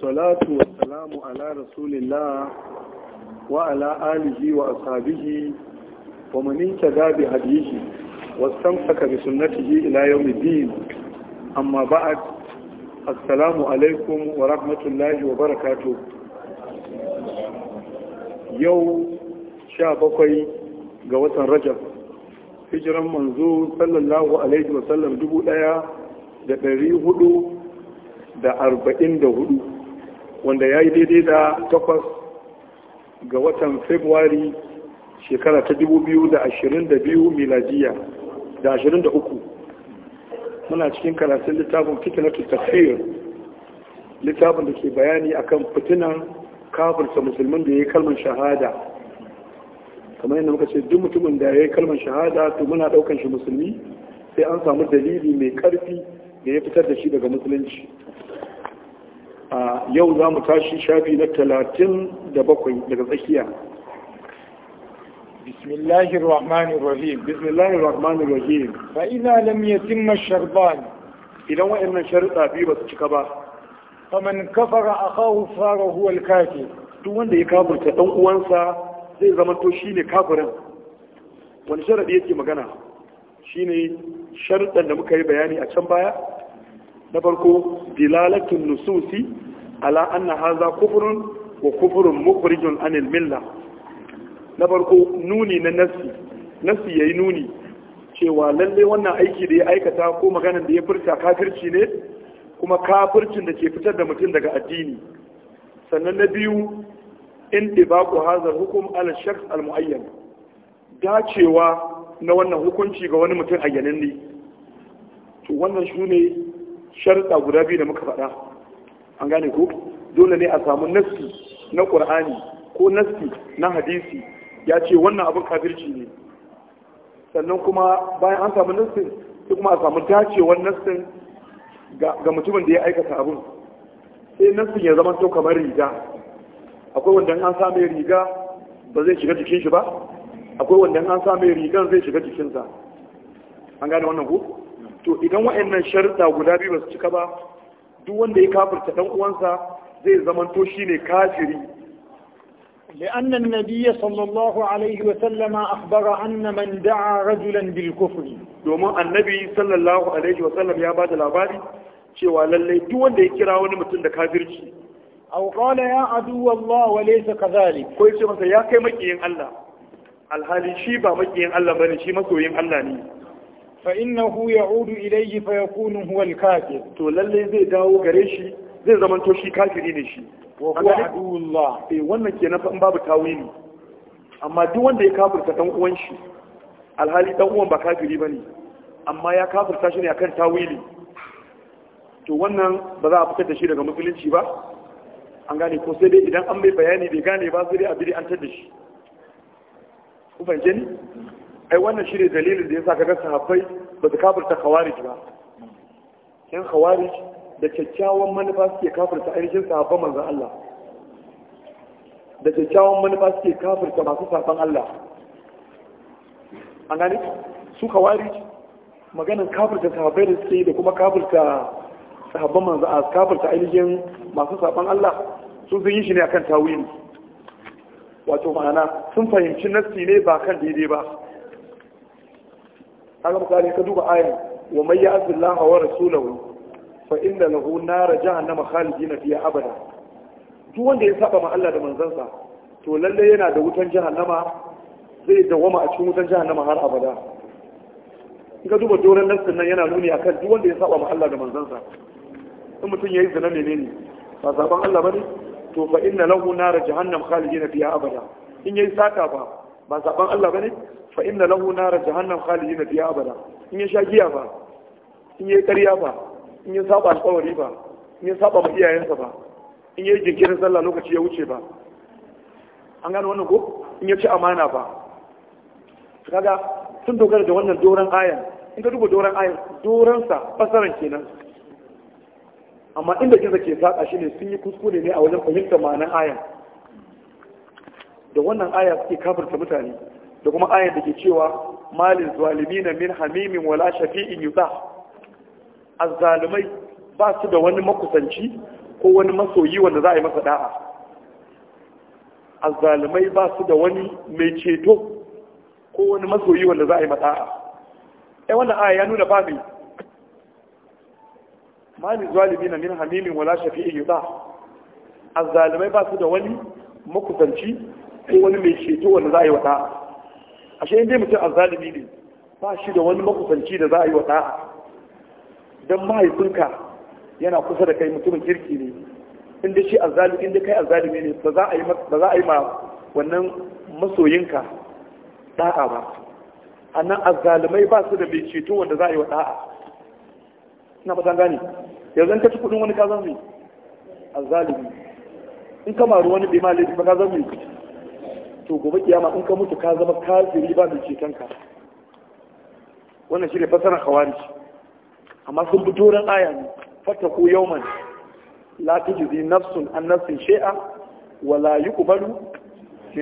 salatu wa salamu ala rasulillah wa ala alihi wa ashabihi wa manin kaza bi hadihi wa samsaka bi sunnatihi ila yawmiddin amma ba'd assalamu alaikum wa rahmatullahi wa barakatuh yau sha bakwai ga watan rajab hijiran manzo sallallahu alaihi wa sallam dubu daya da dari hudu da arba'in da hudu wanda ya yi daidai da takwas ga watan februari shekara ta 2022 miladiya da 23 muna cikin karatun littafin fitnatul tafsir littafin da ke bayani akan fitinan kafirta musulmin da ya yi kalmar shahada kamar yadda muka ce duk mutumin da ya yi kalmar shahada to muna daukan shi musulmi sai an samu dalili mai karfi da ya fitar da shi daga musulunci a yau za mu tashi shafi na talatin da bakwai daga tsakiya bismillahir rahmanir rahim bismillahir rahmanir rahim fa ina lam yatimma sharban idan wa'annan sharuɗa bi ba su cika ba fa man kafara akahu fara huwa alkafir duk wanda ya kafirta dan uwansa zai zama to shine kafirin wani sharadi yake magana shine sharuɗan da muka yi bayani a can baya na farko dilalatun nususi ala anna haza kufurun wa kufurun mukhrijun anil milla na farko nuni na Nasi nasi yayi nuni cewa lalle wannan aiki da ya aikata ko maganar da ya furta kafirci ne kuma kafircin da ke fitar da mutum daga addini sannan na biyu in ku hadha hukum ala shakhs al muayyan dacewa na wannan hukunci ga wani mutum ayyanan ne to wannan shine sharta guda biyu da muka faɗa an gane ko dole ne a samu nassi na ƙur'ani ko nassi na hadisi ya ce wannan abin kafirci ne sannan kuma bayan an samu nassi sai kuma a samu dacewar nassi ga mutumin da ya aikata abin sai nassi ya zama to kamar riga akwai wanda an same riga ba zai shiga jikin shi ba akwai wanda an same rigan zai shiga jikinsa an gane wannan ko. to idan wa'annan sharuɗa guda biyu ba su cika ba duk wanda ya kafirta ɗan uwansa zai zamanto shine kafiri لأن النبي صلى الله عليه وسلم أخبر أن من دعا رجلا بالكفر دوما النبي صلى الله عليه وسلم يا بعد الأباري cewa lallai duk wanda ya kira wani mutum da kafirci aw qala ya adu Allah wa laysa kadhalik ko yace masa ya kai makiyin Allah alhali shi ba makiyin Allah bane shi masoyin Allah ne فإنه يعود إليه فيكون هو الكافر تو للي زي داو غريشي زي زمان تو شي كافري ne shi وهو عدو الله eh wannan kenan fa in babu tawili amma duk wanda ya kafirta dan uwan shi alhali ɗan uwan ba kafiri ba ne. amma ya kafirta shi ne a akan tawili to wannan ba za a fita da shi daga musulunci ba an gane ko sai dai idan an bai bayani bai gane ba sai dai a bidi an tar shi ku fahimce ai wannan shi ne dalilin da ya sa kaga sahabbai ba su kafirta khawarij ba yan khawarij da kyakkyawan manufa suke kafirta ainihin sahabban manzon Allah da kyakkyawan manufa suke kafirta masu saɓan Allah an gani su khawarij maganin kafirta sahabbai da suke da kuma kafirta sahabban manzon Allah kafirta ainihin masu saɓan Allah su sun yi shi ne akan tawili wato ma'ana sun fahimci nassi ne ba kan daidai ba kaga misali ka duba ayan wa may ya'ti Allah wa rasulahu fa inna lahu nar jahannama khalidin fiha abada duk wanda ya saba ma Allah da manzansa to lalle yana da wutan jahannama zai dawama a cikin wutan jahannama har abada in ka duba doron nassin nan yana nuni akan duk wanda ya saba ma Allah da manzansa in mutum yayi zina menene ba saban Allah bane to fa inna lahu nar jahannam khalidin fiha abada in yayi saka ba ba saban Allah bane fa inna lahu nara jahannam khalidina fiha abada in ya sha giya ba in ya karya ba in ya saba alƙawari ba in ya saba ma iyayensa ba in ya yi jinkirin sallah lokaci ya wuce ba an gano wannan ko in ya ci amana ba kaga sun dogara da wannan doran aya, in ka duba doran aya doran sa fasaran kenan amma inda kinsa ke saka shine sun yi kuskure ne a wajen fahimtar ma'anar aya. da wannan aya suke kafirta mutane da kuma ayar da ke cewa malin na min hamimin wala shafi'in yuta zalimai ba su da wani makusanci ko wani masoyi wanda za a yi masa da'a zalimai ba su da wani mai ceto ko wani masoyi wanda za a yi da'a ya eh, wannan aya ya nuna ba mai malin na min hamimin wala shafi'in yuta zalimai ba su da wani makusanci ko wani mai ceto wanda za a yi wa da'a ashe inda mutum azzalimi ne ba shi da wani makusanci da za a yi wa ɗa'a don mahaifinka yana kusa da kai mutumin kirki ne inda shi azzalimi inda kai azzalimi ne ba za a yi ma wannan masoyinka ɗa'a ba annan azzalimai ba su da mai ceto wanda za a yi wa ɗa'a. ina ba gane yanzu ka ci kudin wani kazan mai azzalimi in kama wani bai ma laifi ba kazan mai to gobe kiyama in ka mutu ka zama kafiri ba mai ceton ka wannan shi ne fasarar khawarij amma sun bi doron aya ne fataku yawman la tujzi nafsun an nafsin shay'a wala yuqbalu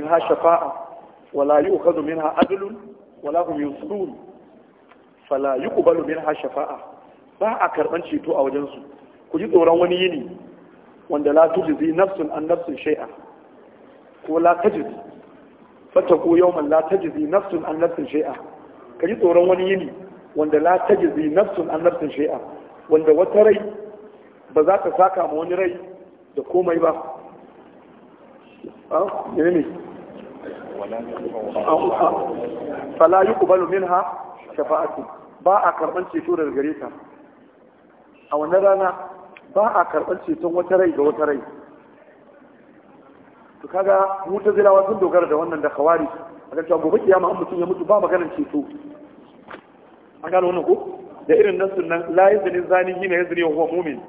ha shafa'a wala yu'khadhu minha adlun wala hum yusrun fala yuqbalu ha shafa'a ba a karban ceto a wajen su ku ji tsoron wani yini wanda la tujzi nafsun an nafsin shay'a ko la tajzi fattaku yawman la tajzi nafsun an nafsin shay'a ka ji tsoron wani yini wanda la tajzi nafsun an nafsin shay'a wanda wata rai ba za ka saka ma wani rai da komai ba a ah, yi ne ah, ah, fala yuqbalu minha ba a karɓar ceto daga gare ta a wannan rana ba a karɓar ceton wata rai da wata rai to kaga mutazilawa sun dogara da wannan da khawari aka cewa gobe kiyama an mutum ya mutu ba maganar ceto an gano wannan ko da irin nan sunan la yazni zani hina yazni wa huwa mu'min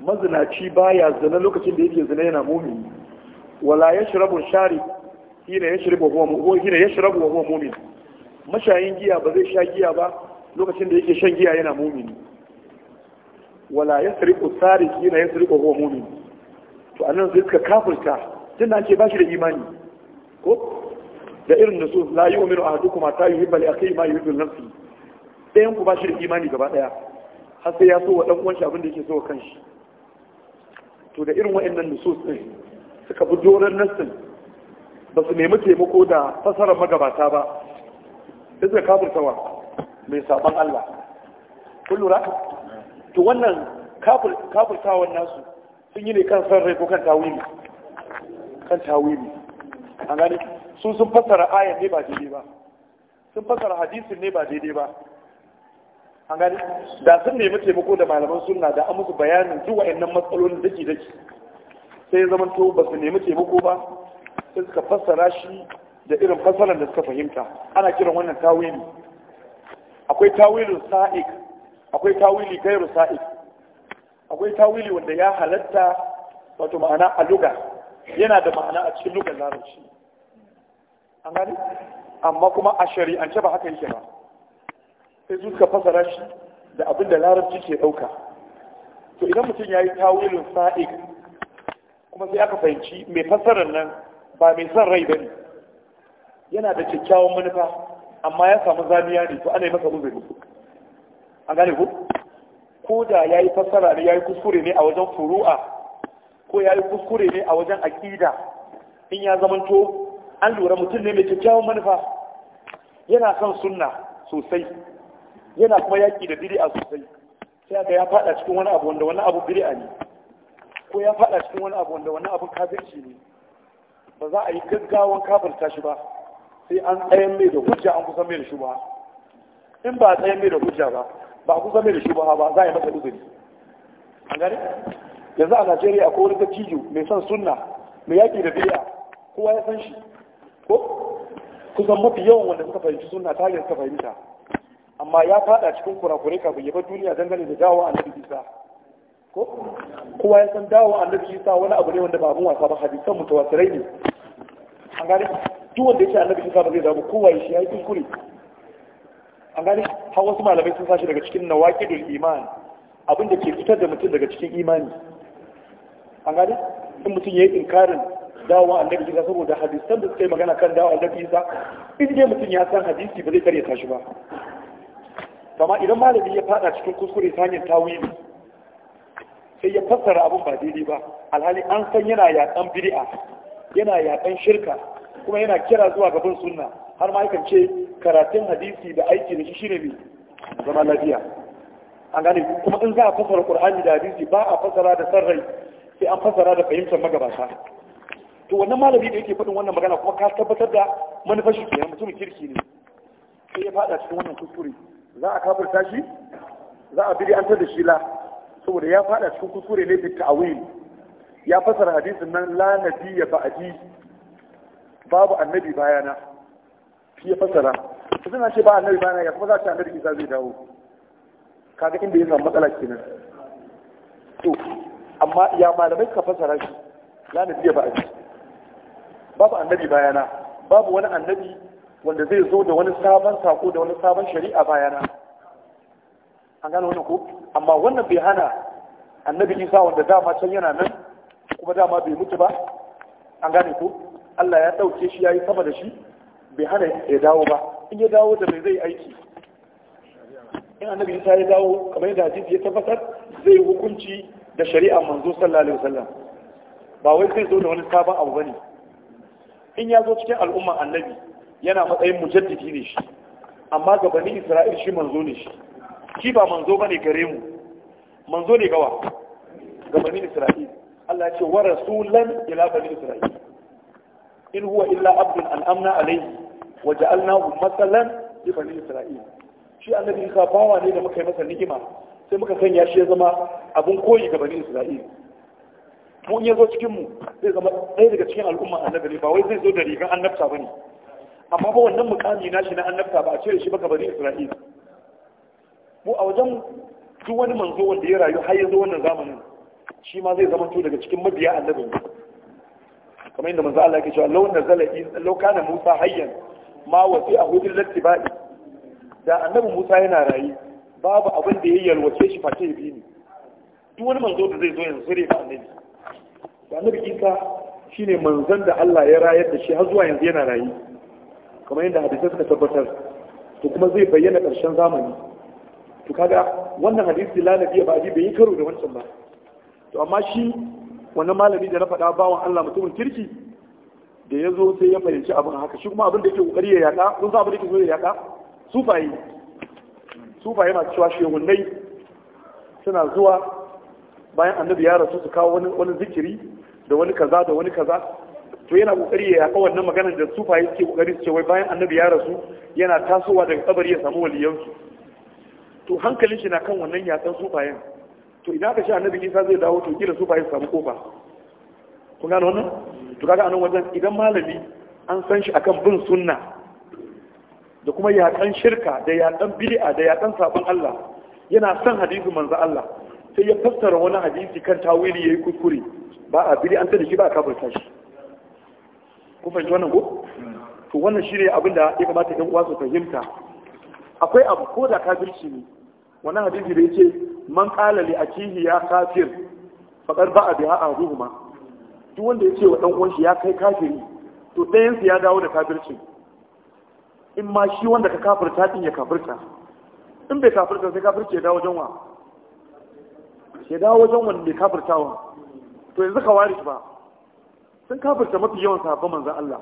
mazinaci baya zina lokacin da yake zina yana mu'min wala yashrabu shari hina yashrabu huwa mu'min hina yashrabu wa huwa mu'min mashayin giya ba zai sha giya ba lokacin da yake shan giya yana mu'min wala yasriqu sariq hina yasriqu huwa mu'min to annan sai suka kafirta tunda an ce ba shi da imani ko da irin da su la yu'minu ahadukum hatta yuhibba li akhihi ma yuhibbu li nafsihi ɗayan ku ba shi da imani gaba ɗaya har sai ya so wa ɗan uwanshi abin da yake so wa kanshi to da irin wa'annan nusus ɗin suka bi doron nassin ba su nemi taimako da fasara magabata ba sai suka kafirtawa mai saban Allah kun lura to wannan kafirtawan nasu sun yi ne kan san rai ko kan tawili kan tawili an gani su sun fasara ayan ne ba daidai ba sun fasara hadisin ne ba daidai ba an gani da sun nemi taimako da malaman sunna da an musu bayanin duk wa'annan matsalolin daji daki sai zama to ba su nemi taimako ba sai suka fasara shi da irin fasaran da suka fahimta ana kiran wannan tawili akwai tawilin sa'ik akwai tawili gairu sa'ik akwai tawili wanda ya halatta wato ma'ana a luga yana da ma'ana a cikin lugar larabci an gani amma kuma a shari'ance ba haka yake ba sai zuka suka fasara shi da abin da larabci ke ɗauka to idan mutum ya yi tawilin sa'ik kuma sai aka fahimci mai fassarar nan ba mai son rai ba ne yana da kyakkyawan manufa amma ya samu zaniya ne to ana yi masa uzuri an gane ku ko da ya yi fassara ne ya yi kuskure ne a wajen furu'a ko ya yi kuskure ne a wajen aƙida in ya zamanto an lura mutum ne mai kyakkyawan manufa yana son sunna sosai yana kuma yaƙi da bid'a sosai sai ga ya faɗa cikin wani abu wanda wani abu bid'a ne ko ya faɗa cikin wani abu wanda wani abu kafirci ne ba za a yi gaggawan kafirta shi ba sai an tsayan mai da hujja an kusan mai da shi ba in ba a tsayan mai da hujja ba ba ku zame da shubaha ba za a yi masa uzuri A gane yanzu a najeriya akwai wani dattijo mai son sunna mai yaƙi da biya kowa ya san shi ko kusan mafi yawan wanda suka fahimci sunna ta hanyar suka fahimta amma ya fada cikin kurakurai kafin ya bar duniya dangane da dawo annabi isa ko kowa ya san dawo annabi isa wani abu ne wanda ba abun wasa ba hadisan mutawatirai ne a gane duk wanda ya ce annabi isa ba zai damu kowa ya shi ya yi kuskure an gane har wasu malamai sun sashi daga cikin nawaqidul iman abinda ke fitar da mutum daga cikin imani an gane in mutum yayi inkarin dawo annabi Isa saboda hadisan da suka yi magana kan dawo annabi Isa in dai mutum ya san hadisi ba zai karya tashi ba kama idan malami ya fada cikin kuskure ta hanyar tawili sai ya fassara abin ba daidai ba alhali an san yana yakan bid'a yana yakan shirka kuma yana kira zuwa gaban sunna har ma yakan ce karatun hadisi da aiki da shi shi ne zama lafiya an gane kuma in za a fasara qur'ani da hadisi ba a fasara da sarrai sai an fasara da fahimtar magabata to wannan malami da yake faɗin wannan magana kuma ka tabbatar da manufar shi kenan mutumin kirki ne sai ya faɗa cikin wannan kuskure za a kafirta shi za a bidi an ta da shi la saboda ya faɗa cikin kuskure ne a ta'awil ya fasara hadisin nan la nabiyya ba'di babu annabi bayana shi ya fassara suna ce ba annabi bana ya kuma za ta annabi isa zai dawo kaga inda ya samu matsala kenan to amma ya malamai ka fasara shi la na fiye ba a babu annabi bayana babu wani annabi wanda zai zo da wani sabon sako da wani sabon shari'a bayana an gano wannan ko amma wannan bai hana annabi isa wanda dama can yana nan kuma dama bai mutu ba an gane ko Allah ya ɗauke shi ya yi sama da shi bai hana ya dawo ba in ya dawo da mai zai aiki in annabi isa ya dawo kamar yadda hadisi ya tabbatar zai hukunci da shari'a manzo sallallahu alaihi wasallam ba wai zai zo da wani sabon abu bane in ya zo cikin al'umma annabi yana matsayin mujaddidi ne shi amma gabanin isra'il shi manzo ne shi shi ba manzo bane gare mu manzo ne gawa gabanin isra'il Allah ya ce wa rasulan ila bani isra'il in huwa illa abdun an'amna alayhi waje alnahu matsalan bani isra'ila shi annabi isa bawa ne da muka yi masa ni'ima sai muka sanya shi ya zama abun koyi ga bani isra'ila mu in ya cikin mu zai zama ɗaya daga cikin al'umma annabi ne ba wai zai zo da rigan annabta bane ne amma ba wannan mukami na shi na annabta ba a cire shi ba bani isra'ila mu a wajen duk wani manzo wanda ya rayu har ya zo wannan zamanin shi ma zai zama to daga cikin mabiya annabi kamar yadda manzo Allah yake cewa law nazala law kana Musa hayyan ma wasi a hudun bai da annabi musa yana rayu babu abin da ya yalwace shi face ya bi ni duk wani manzo da zai zo yanzu sai ba annabi da annabi isa shine manzon da Allah ya rayar da shi har zuwa yanzu yana rayu kamar yadda hadisai suka tabbatar to kuma zai bayyana ƙarshen zamani to kaga wannan hadisi lalabi ba ji bai yi karo da wancan ba to amma shi wannan malami da na faɗa bawan Allah mutumin kirki da ya zo sai ya fahimci abin haka shi kuma abin da yake kokari ya yaka sun sa abin da yake so ya yaka sufaye sufaye masu cewa shehunai suna zuwa bayan annabi ya rasu su kawo wani zikiri da wani kaza da wani kaza to yana kokari ya yaka wannan maganar da sufaye suke kokari su ce wai bayan annabi ya rasu yana tasowa daga kabari ya samu waliyansu to hankalin shi na kan wannan yakan sufayen to idan aka ce annabi isa zai dawo to kila sufaye su samu kofa kun gane wannan to anan wajen idan malami an san shi akan bin sunna da kuma yakan shirka da yakan bid'a da yakan sabon Allah yana son hadisi manzo Allah sai ya fassara wani hadisi kan tawili yayi kukuri ba a an da shi ba a kafirta shi ku fahimci wannan ko to wannan shine abin da ya kamata ɗan uwa su fahimta akwai abu ko da kafirci ne wannan hadisi da yace man qala li akihi ya kafir faqad ba'a biha ahduhuma duk wanda ya ce wa ɗan uwanshi ya kai kafiri to ɗayansu ya dawo da kafirci in ma shi wanda ka kafirta din ya kafirta in bai kafirta sai kafirci ya dawo wajen wa ya dawo wajen wanda bai kafirta wa to yanzu ka ware ba sun kafirta mafi yawan sahabban manzan Allah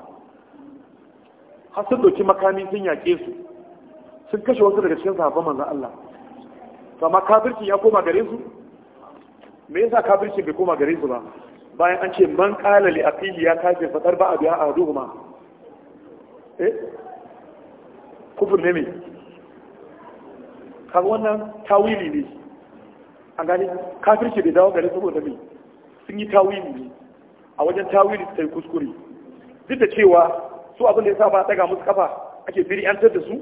har sun doki makami sun yaƙe su sun kashe wasu daga cikin sahabban manzan Allah to amma kafirci ya koma gare su me yasa kafirci bai koma gare su ba bayan an ce man kala li aqihi ya kafe fatar ba abiya a duhuma eh kufur ne me ka wannan tawili ne an gani kafirci bai dawo gare saboda me sun yi tawili ne a wajen tawili su yi kuskure duk da cewa su abin da ya sa ba daga musu kafa ake tar da su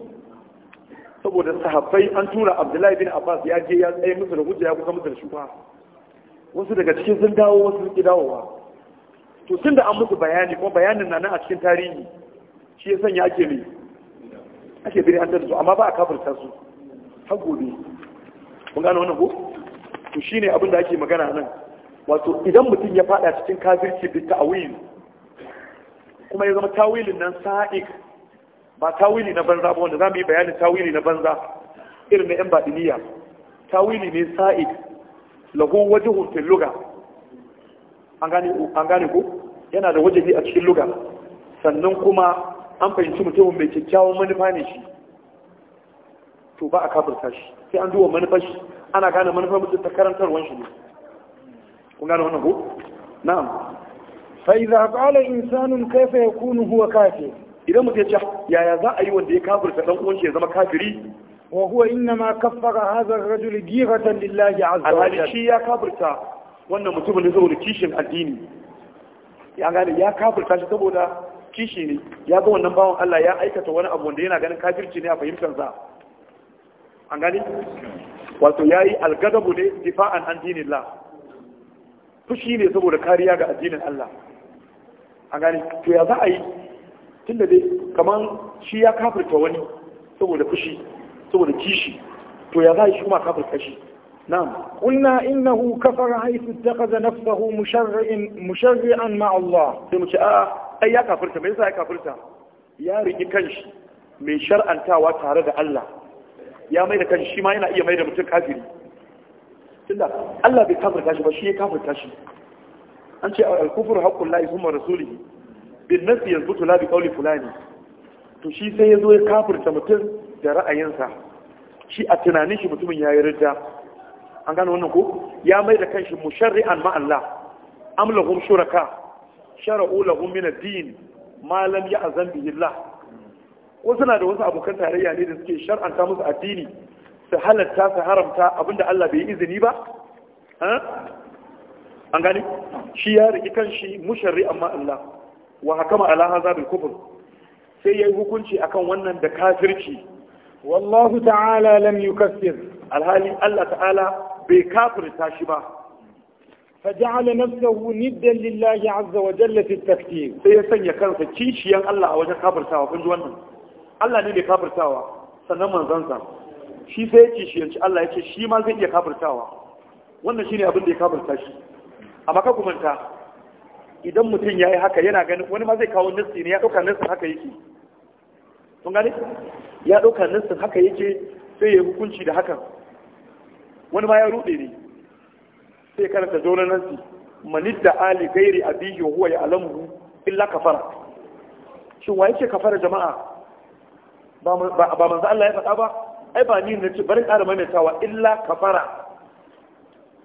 saboda sahabbai an tura abdullahi bin abbas ya je ya tsaye musu da hujja ya kusa musu da shubha wasu daga cikin sun dawo wasu sun dawowa to tun da an muku bayani kuma bayanin na nan a cikin tarihi shi ya sanya ake mai ake biri an su amma ba a kafirta su har gobe kun gano wannan ko to shine abin da ake magana nan wato idan mutum ya fada cikin kafirci bi ta'wil kuma ya zama tawilin nan sa'ik ba tawili na banza ba wanda zamu yi bayanin tawili na banza irin na yan badiniya tawili ne sa'ik lahu wajhun fil lugha an gane an gane ko yana da wajibi a cikin lugha sannan kuma an fahimci mutumin mai kyakkyawan manufa ne shi to ba a kafirta shi sai an duba manufar shi ana gane manufar mutum ta karantarwar shi ne kun gane wannan ko na'am fa idza qala insanun kayfa yakunu huwa kafir idan mutum ya ce yaya za a yi wanda ya kafirta dan uwan shi ya zama kafiri وهو إنما كفر هذا الرجل جيرة لله عز وجل الهالشي يا كابرتا وانا متوب نزول كيشن الديني يعني يا كابرتا شتبو دا كيشيني يا قوة نباو الله يا أيكا توانا أبو ندينا قانا كابرتيني أفهم كنزا an gani wato ya yi algadabu ne difa'an an dinin la fushi ne saboda kariya ga addinin Allah an gani to ya za a yi tun da dai kamar shi ya kafirta wani saboda fushi saboda kishi to ya za shi kuma kafir kashi na'am qulna innahu kafara haythu takaza nafsahu musharri'an musharri'an ma Allah sai mu ce a ai ya me yasa ya kafirta ya riki kanshi mai shar'antawa tare da Allah ya mai kanshi shi ma yana iya mai mutum kafiri tunda Allah bai kafirta shi ba shi ya kafirta shi an ce al-kufru haqqul la yuhammu rasulih bin nafsi yuzbutu la bi qawli fulani to shi sai ya zo ya kafirta mutum da ra'ayinsa shi a tunanin shi mutumin ya yi an gano wannan ko ya mai da kanshi Musharri an Allah amlahun shuraka shara'u lahun min din malam lam bihi Allah wasu na da wasu abokan tarayya ne da suke shar'anta musu addini su halatta su haramta abinda Allah bai yi izini ba an gani shi ya riki kanshi musharri amma Allah wa hakama ala hadha kufr sai yayi hukunci akan wannan da kafirci wallahu ta'ala lam yukaffir alhali Allah ta'ala bai kafirta shi ba فجعل نفسه ندا لله عز وجل في التكفير sai ya sanya kansa kishiyan Allah a wajen kafirtawa kun ji wannan Allah ne mai kafirtawa sannan manzon sa shi sai ya kishiyanci Allah ya ce shi ma zai iya kafirtawa wannan shine abin da ya kafirta amma ka idan mutum yayi haka yana ganin wani ma zai kawo nasi ne ya ɗauka nasi haka yake kun gane ya ɗauka nassin haka yake sai ya hukunci da hakan wani ma ya rude ne sai karanta zonar nassi manid da ali gairi abihi wa huwa ya alamu illa kafara shin wa yake kafara jama'a ba manzo Allah ya faɗa ba ai ba ni na ce bari ƙara maimaitawa illa kafara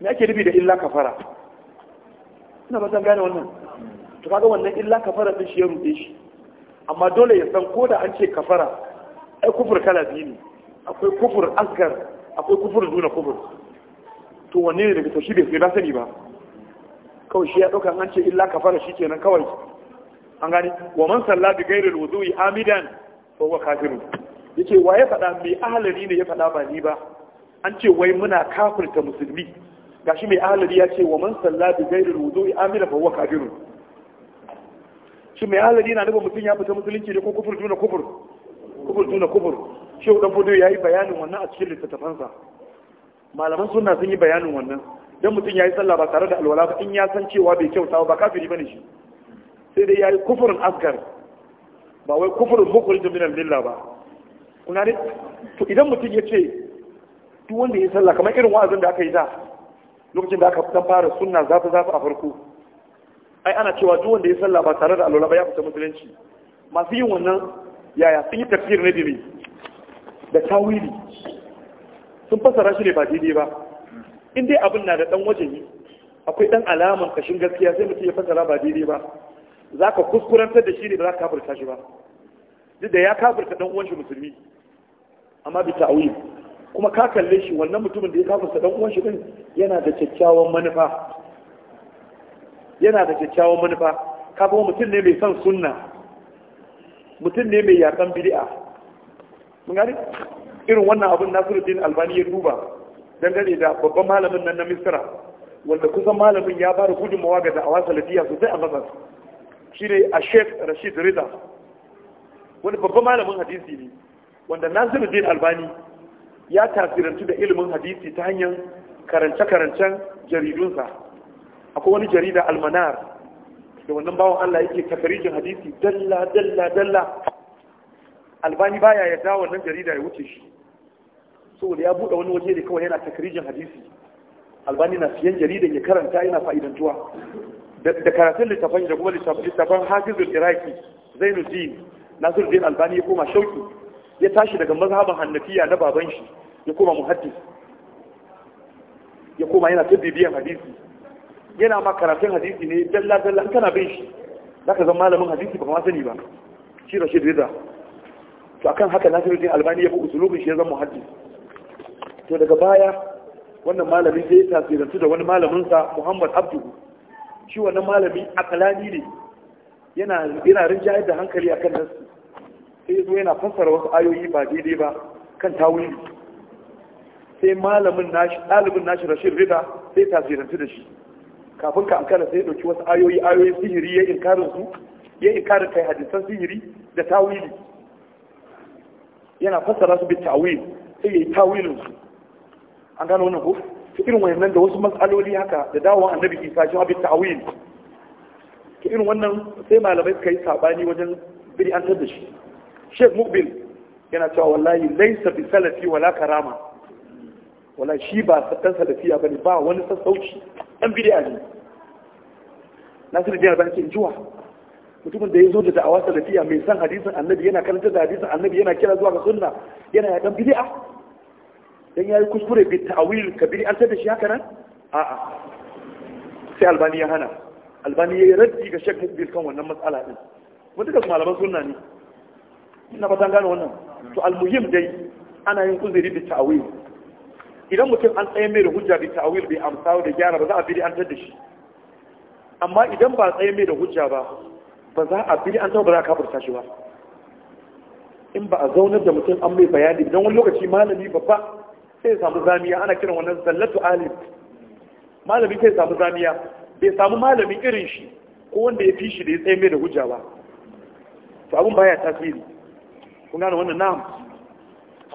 me ake nufi da illa kafara ina ba zan gane wannan to kaga wannan illa kafara din shi ya rute shi amma dole ya san ko da an ce kafara ai kufur kala biyu ne akwai kufur asgar akwai kufur nuna kufur to wanne ne daga tashi shi bai ba sani ba kawai shi ya ɗaukan an ce illa kafara shi kenan kawai an gani wa man salla bi ghairi alwudu'i amidan fa huwa kafirun yace wa ya faɗa mai ahlari ne ya faɗa ba ni ba an ce wai muna kafirta musulmi gashi mai ahlari ya ce wa man salla bi ghairi alwudu'i amidan fa huwa kafirun shi mai halari na nufin mutum ya fita musulunci ne ko kufur tuna kufur kufur tuna kufur shi dan fudu ya yi bayanin wannan a cikin littattafansa malaman sunna sun yi bayanin wannan dan mutum ya yi sallah ba tare da alwala ba in ya san cewa bai kyauta ba kafiri bane shi sai dai ya yi kufurin asgar ba wai kufurin mukhrijin min lilla ba kuna ne to idan mutum ya ce duk wanda ya yi sallah kamar irin wa'azin da aka yi da lokacin da aka fara sunna zafi zafi a farko ai ana cewa duk wanda ya sallah ba tare da alola ba ya fita musulunci masu yin wannan yaya sun yi tafsir na dire, da tawili sun fasara shi ne ba daidai ba in dai abin na da dan wajen akwai dan alaman kashin gaskiya sai mutum ya fasara ba daidai ba za ka kuskurantar da shi ne ba za ka kafirta shi ba duk da ya kafirta dan uwan shi musulmi amma bi tawili kuma ka kalle shi wannan mutumin da ya kafirta dan uwan shi din yana da kyakkyawan manufa yana da kyakkyawan manufa ka kuma mutum ne mai son sunna mutum ne mai yakan bid'a mun gari irin wannan abin Nasiruddin Albani ya duba dangane da babban malamin nan na Misra wanda kusan malamin ya fara gudunmawa ga da'awa salafiyya sosai a Masar ne a Sheikh Rashid Rida wani babban malamin hadisi ne wanda Nasiruddin Albani ya tasirantu da ilimin hadisi ta hanyar karance-karancen jaridunsa akwai wani jarida almanar da wannan bawon Allah yake takarijin hadisi dalla dalla dalla albani baya yarda wannan jarida ya wuce shi saboda ya buɗe wani waje da kawai yana takarijin hadisi albani na siyan jaridan ya karanta yana fa'idantuwa da karatun littafan da kuma littafan hafizul iraki zainuddin nasiruddin albani ya koma shauki ya tashi daga mazhaban hannafiya na baban shi ya koma muhaddis ya koma yana ta bibiyan hadisi yana ma karatun hadisi ne dalla dalla kana bin shi zaka zama malamin hadisi ba kuma sani ba shi Rashid Rida to akan haka Nasiruddin Albani ya bu usulubin shi ya zama hadis to daga baya wannan malamin sai tasirantu da wani malamin sa Muhammad Abdu shi wannan malami akalani ne yana yana rinjayar da hankali akan nasu sai ya zo yana fassara wasu ayoyi ba daidai ba kan tawili sai malamin nashi ɗalibin nashi rashin Rida sai tasirantu da shi kafin ka amkana sai ya dauki wasu ayoyi ayoyin sihiri ya inkarin su ya inkarin kai hadisan sihiri da tawili yana fassara su bi tawil sai ya yi tawilin su an gano wannan ko ta irin wayannan da wasu matsaloli haka da dawowa annabi isa shi abin tawil ta irin wannan sai malamai suka yi sabani wajen bid'antar da shi Sheikh Mukbil yana cewa wallahi laysa bi salafi wala karama wala shi ba ɗan salafiya ba ne ba wani sassauci ɗan bidiya ne nasiru jihar ba ke juwa mutumin da ya zo da da'awa salafiya mai san hadisin annabi yana karanta da hadisin annabi yana kira zuwa ga sunna yana ya ɗan bidiya dan yayi kuskure bi ta'wil kabiri an tada shi haka nan a'a sai albani ya hana albani ya raddi ga shek mukbil kan wannan matsala din mun duka malaman sunna ne ina ba ta gane wannan to almuhim dai ana yin kuzuri bi ta'wil idan mutum an tsaye mai da hujja bi ta'awil bi amsa da gyara ba za a biri an da shi amma idan ba tsaye mai da hujja ba ba za a biri an ba za a kafurta shi ba in ba a zaunar da mutum an mai bayani idan wani lokaci malami babba sai ya samu zamiya ana kiran wannan zallatu alim malami sai ya samu zamiya bai samu malami irin shi ko wanda ya fi shi da ya tsaye mai da hujja ba to abun baya tasiri kun gane wannan na'am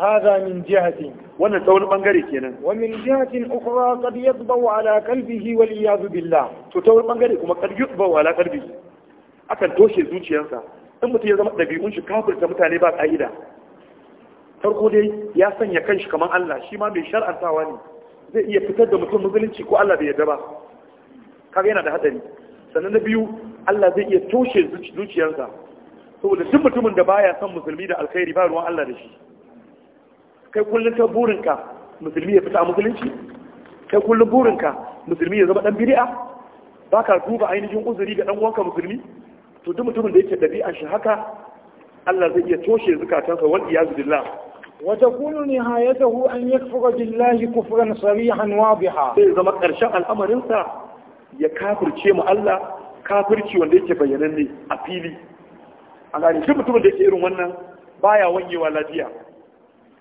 هذا من جهة wannan tsawon bangare kenan wa min jihatin ukhra qad yadbu ala qalbihi wal iyad billah to bangare kuma qad yadbu ala qalbihi akan toshe zuciyarsa in mutum ya zama dabi'un shi kafirta mutane ba ka'ida farko dai ya sanya kanshi kamar Allah shi ma mai shar'antawa ne zai iya fitar da mutum musulunci ko Allah bai yarda ba kaga yana da hadari sannan na biyu Allah zai iya toshe zuciyarsa saboda duk mutumin da baya son musulmi da alkhairi ba ruwan Allah da shi kai kullum burinka musulmi ya fita a musulunci kai kullum burinka musulmi ya zama dan bid'a ba ka duba ainihin uzuri ga dan uwanka musulmi to duk mutumin da yake dabi'an shi haka Allah zai iya toshe zukatansa wal iyaz billah wa takunu nihayatuhu an yakfura billahi kufran sarihan wadiha sai zama karshen al'amarin sa ya kafirce mu Allah kafirci wanda yake bayyananne a fili a gani shi mutumin da yake irin wannan baya wanyewa lafiya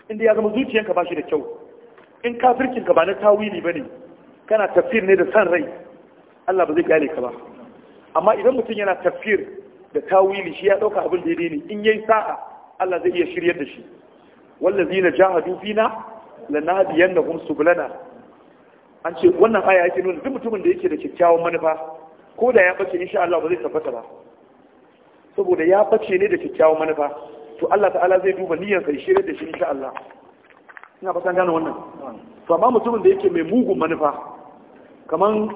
inda ya zama zuciyanka ba shi da kyau in kafircinka ba na tawili ba ne kana tafiyar ne da san rai Allah ba zai gane ka ba amma idan mutum yana tafiyar da tawili shi ya ɗauka abin daidai ne in yayi sa'a Allah zai iya shiryar da shi wallazina jahadu fina lanahdiyannahum sublana an ce wannan aya yake nuna duk mutumin da yake da kyakkyawan manufa ko da ya bace insha Allah ba zai tabbata ba saboda ya bace ne da kyakkyawan manufa to Allah ta'ala zai duba niyyar kai shirye da shi insha Allah ina fatan gane wannan to amma mutumin da yake mai mugun manufa kaman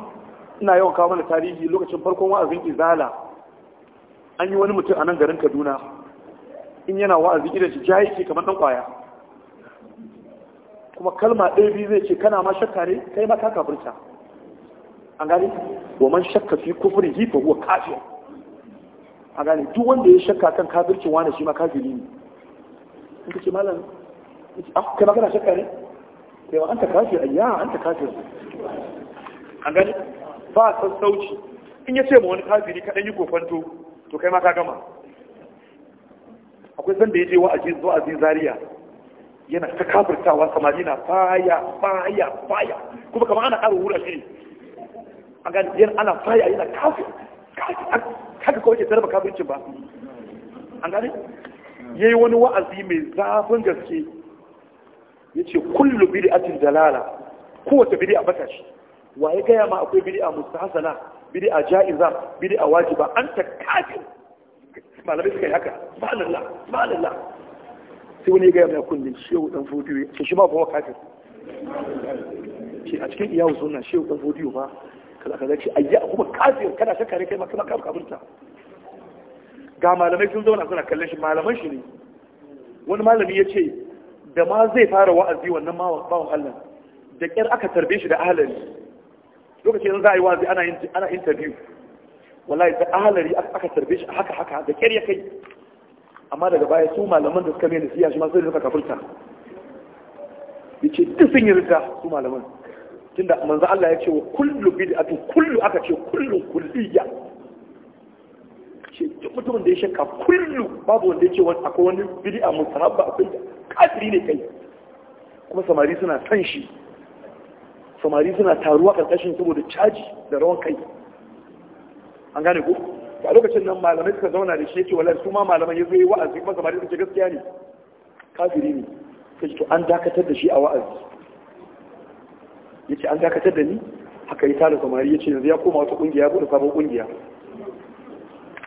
ina yawan kawo mana tarihi lokacin farkon wa'azin izala an yi wani mutum a nan garin Kaduna in yana wa'azi idan shi jahi ke kamar dan kwaya kuma kalma ɗaya biyu zai ce kana ma shakka ne kai ma ka kafirta an gani wa man shakka fi kufrihi fa huwa kafir a gane duk wanda ya shakka kan kafircin wani shi ma kafiri ne in ka ce malam ah, kai ma kana shakka ne kai ma an ta a yi an ta kafi a gane ba a sauci in ya ce ma wani kafiri kaɗan yi kofanto to kai ma ka gama akwai sanda ya je wa'azi wa'azi zariya yana ta kafirtawa samari na faya faya faya kuma kamar ana ƙara wura shi a gani yana ana faya yana kafir haka kawai ke tarba kafircin ba an gane yi wani wa'azi mai zafin gaske Ya ce kullu cin dalala kowace a bata shi ya gaya ma akwai biri a bid'a biri a ja'iza biri a wajiba ta kafir malamai suka yi haka malala malala sai wani ya gaya mai kullum shehu dan fodiyo shi ma ba kafir ce a cikin iyawu sunna shehu dan fodiyo ba kaza kaza ce ayya kuma kafir kana shakka ne kai ma kuma kafirta ga malamai sun zauna suna kallon shi malaman shi ne wani malami ya ce da ma zai fara wa'azi wannan bawan Allah da ƙyar aka tarbe shi da ahalari lokacin za a yi wa'azi ana yin ana interview wallahi da ahalari aka tarbe shi haka haka da ƙyar ya kai amma daga baya su malaman da suka mai nasiya shi ma sai suka kafirta yace duk sun yi rika su malaman tunda manzo Allah ya ce wa kullu bid'atu kullu aka ce kullu kulliya shi duk mutumin da ya shakka kullu babu wanda ya ce wani akwai wani bid'a a akwai kafiri ne kai kuma samari suna san shi samari suna taruwa karkashin saboda caji da rawan kai an gane ko a lokacin nan malamai suka zauna da shi yake wala su ma malaman ya yi wa'azi kuma samari suka gaskiya ne kafiri ne sai to an dakatar da shi a wa'azi yace an dakatar da ni haka yi tare samari yace yanzu ya koma wata kungiya ya bude sabon kungiya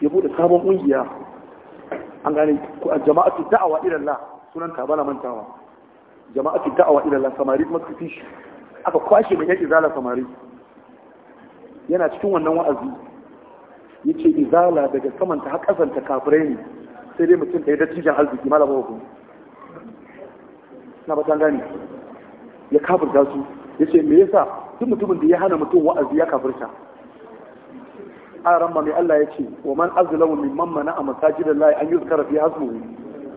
ya bude sabon kungiya an gane jama'atu da'awa ilallah sunan ta bana mantawa jama'atu da'awa ilallah samari kuma su fishi aka kwashe mai yake zala samari yana cikin wannan wa'azi yace izala daga samanta har kasanta kafirai ne sai dai mutum ɗaya dattijan arziki malama hukum na ba gane ya kafirta su yace me yasa duk mutumin da ya hana mutum wa'azi ya kafirta a ramma mai Allah ya ce wa man azlamu mimman mana a masajidin layi an yuzkara fi hasbuhu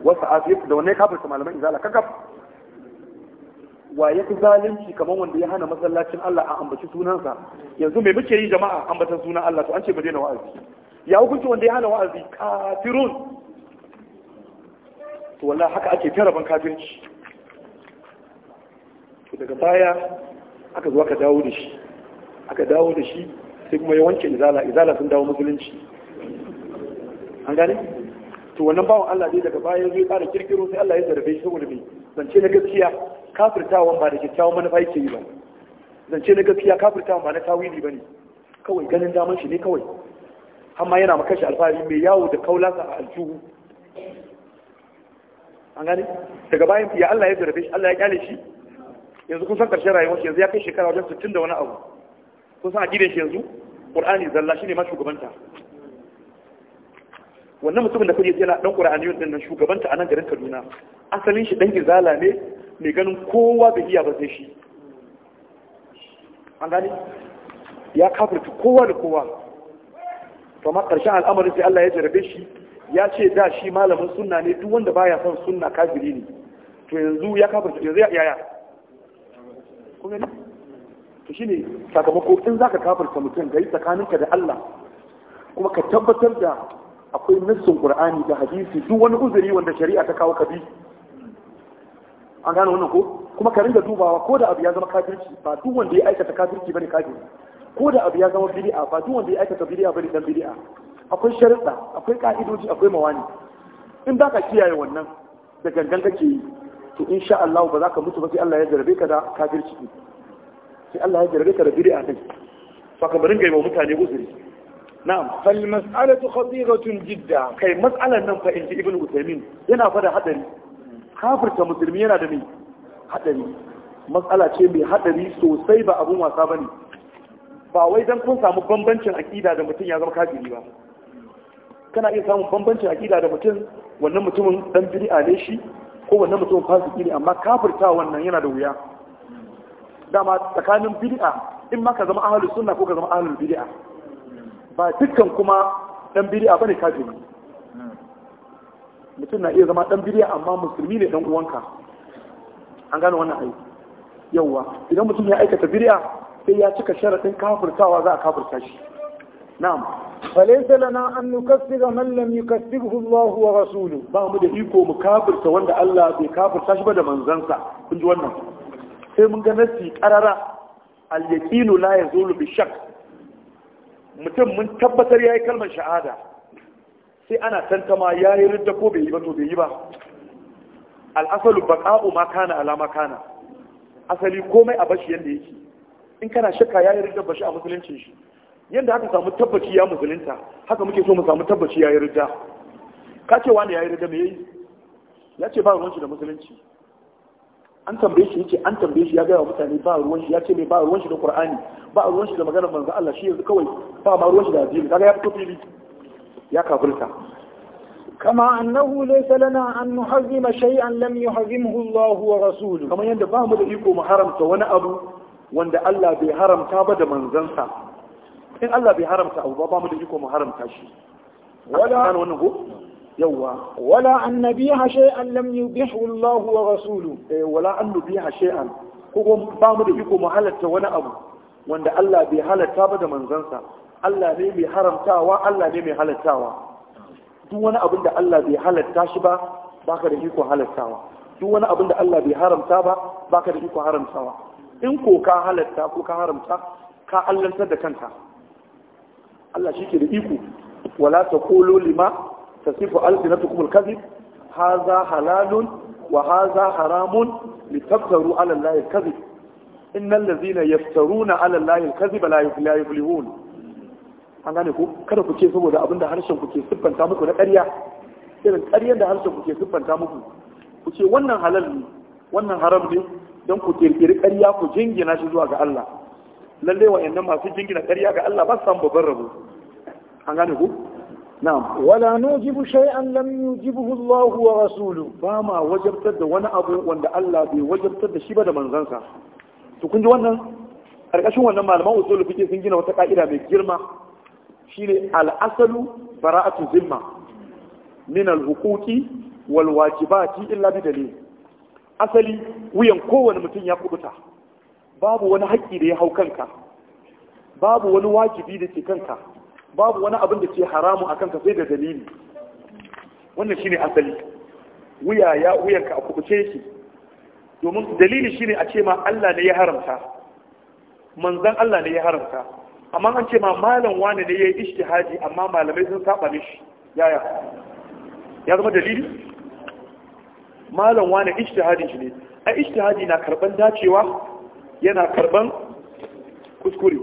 wasu asif da wannan kafirta malaman izala kakaf wa ya fi zalunci kamar wanda ya hana masallacin Allah a ambaci sunansa yanzu me muke yi jama'a ambatan sunan Allah to an ce ba daina wa'azi ya hukunci wanda ya hana wa'azi kafirun to wallahi haka ake tarabin kafirci to daga baya aka zo aka dawo da shi aka dawo da shi sai kuma yawancin izala izala sun dawo musulunci an gane to wannan bawan Allah dai daga baya zai fara kirkiro sai Allah ya zarbe shi saboda me zance na gaskiya kafirtawan ba da kyakkyawan manufa yake yi ba zance na gaskiya kafirtawan ba na tawili bane kawai ganin daman shi ne kawai amma yana maka shi alfahari mai yawo da kaulasa a aljuhu an gane daga bayan ya Allah ya zarafe shi Allah ya kyale shi yanzu kun san karshen rayuwar yanzu ya kai shekara wajen sittin da wani abu kun san a gidan shi yanzu ƙur'ani zalla shi ne ma shugabanta wannan mutumin da kuje yana ɗan qur'ani yadda na shugabanta a nan garin Kaduna asalin shi dangin gizala ne mai ganin kowa bai iya ba sai shi an gani ya kafirta kowa da kowa to ma karshen al'amarin sai Allah ya jarabe shi ya ce da shi malamin sunna ne duk wanda baya son sunna kafiri ne to yanzu ya kafirta yanzu ya yaya kun gani to sakamako in ka kafarta mutum gai tsakaninka da Allah kuma ka tabbatar da akwai nassin Qur'ani da hadisi duk wani uzuri wanda shari'a ta kawo ka bi an gane wannan ko kuma ka ringa dubawa ko da abu ya zama kafirci ba duk wanda ya aikata kafirci bane kafiri ko da abu ya zama bid'a ba duk wanda ya aikata bid'a bane dan bid'a akwai sharuɗa akwai ka'idoji akwai mawani in ba ka kiyaye wannan da gangan kake yi to in sha Allah ba za ka mutu ba sai Allah ya jarabe ka da kafirci sai Allah ya jarabe ka da bid'a din fa ka barin gaiba mutane uzuri na'am fal mas'alatu khatiratun jidda kai mas'alan nan fa inji ibnu usaymin yana fada hadari kafirta musulmi yana da mai hadari mas'ala ce mai hadari sosai ba abun wasa bane ba wai dan kun samu bambancin akida da mutum ya zama kafiri ba kana iya samun bambancin akida da mutum wannan mutumin dan bid'a ne shi ko wannan mutum fasiki ne amma kafirta wannan yana da wuya dama tsakanin bid'a in ma ka zama ahlus sunna ko ka zama ahlul bid'a ba dukkan kuma dan bid'a bane kafiri mutum na iya zama dan bid'a amma musulmi ne dan uwanka an gane wannan aiki yawa idan mutum ya aikata bid'a sai ya cika sharadin kafirtawa za a kafirta shi na'am فليس لنا أن نكفر من لم يكفره الله ورسوله بام da iko mu kafirta wanda Allah bai kafirta shi ba da manzansa kun ji wannan sai mun ga nasi qarara al yaqinu la yazulu bi mutum mun tabbatar yayi kalmar shahada sai ana tantama yi ridda ko bai yi ba to bai yi ba al asalu baqa'u ma kana alama kana asali komai a bashi yake in kana shakka yi ridda bashi a musulunci shi yadda aka samu tabbaci ya musulunta haka muke so mu samu tabbaci ya yi rida ka ce ne ya yi rida me ya ce ba ruwan shi da musulunci an tambaye shi yake an tambaye shi ya gaya wa mutane ba ruwan shi ya ce mai ba ruwan shi da qur'ani ba ruwan shi da maganar manzo Allah shi yanzu kawai ba ma ruwan shi da addini kaga ya fito fili ya kafirta كما أنه ليس لنا wa rasuluhu. شيئا لم ba mu da iko mu haramta wani abu wanda Allah bai haramta ba da manzansa. in Allah bai haramta abu ba mu da iko mu haramta shi wala wannan ko yawa wala annabiha shay'an lam yubihu Allah wa rasuluhu eh wala annabiha shay'an ko ba mu da iko mu halatta wani abu wanda Allah bai halatta ba da manzansa Allah ne mai haramtawa Allah ne mai halattawa duk wani abin da Allah bai halatta shi ba baka da iko halattawa duk wani abin da Allah bai haramta ba baka da iko haramtawa in ko ka halatta ko ka haramta ka allantar da kanka Allah shi ke da iko wala taqulu lima tasifu alsinatukum alkadhib hadha halalun wa hadha haramun litaftaru ala allahi alkadhib innal ladhina yaftaruna ala allahi alkadhiba la yuflihun an gane ku kada ku ce saboda abinda harshen ku ke siffanta muku na ƙarya irin ƙaryar da harshen ku ke siffanta muku ku ce wannan halal ne wannan haram ne don ku ƙirƙiri ƙarya ku jingina shi zuwa ga Allah lalle wa'annan masu jingina ƙarya ga Allah ba su samu babban rabo an gane ku na'am wala nujibu shay'an lam yujibuhu Allah wa rasuluhu ba ma wajabtar da wani abu wanda Allah bai wajabtar da shi ba da manzansa to kun ji wannan karkashin wannan malaman usul fiqh sun gina wata ka'ida mai girma shine al-asalu bara'atu zimma min al-huquqi wal wajibati illa bi dalil asali wuyan kowane mutum ya kubuta babu wani haƙƙi da ya hau kanka babu wani wajibi da ke kanka babu wani abin da ke haramu a kanka sai da dalili wannan shine asali wuya ya wuyanka a kubuce shi domin dalili shine a ce ma Allah ne ya haramta manzan Allah ne ya haramta amma an ce ma malam wani ne ya yi ijtihadi amma malamai sun saba mishi yaya ya zama dalili malam wani ijtihadin shi ne a ijtihadi na karban dacewa yana karban kuskure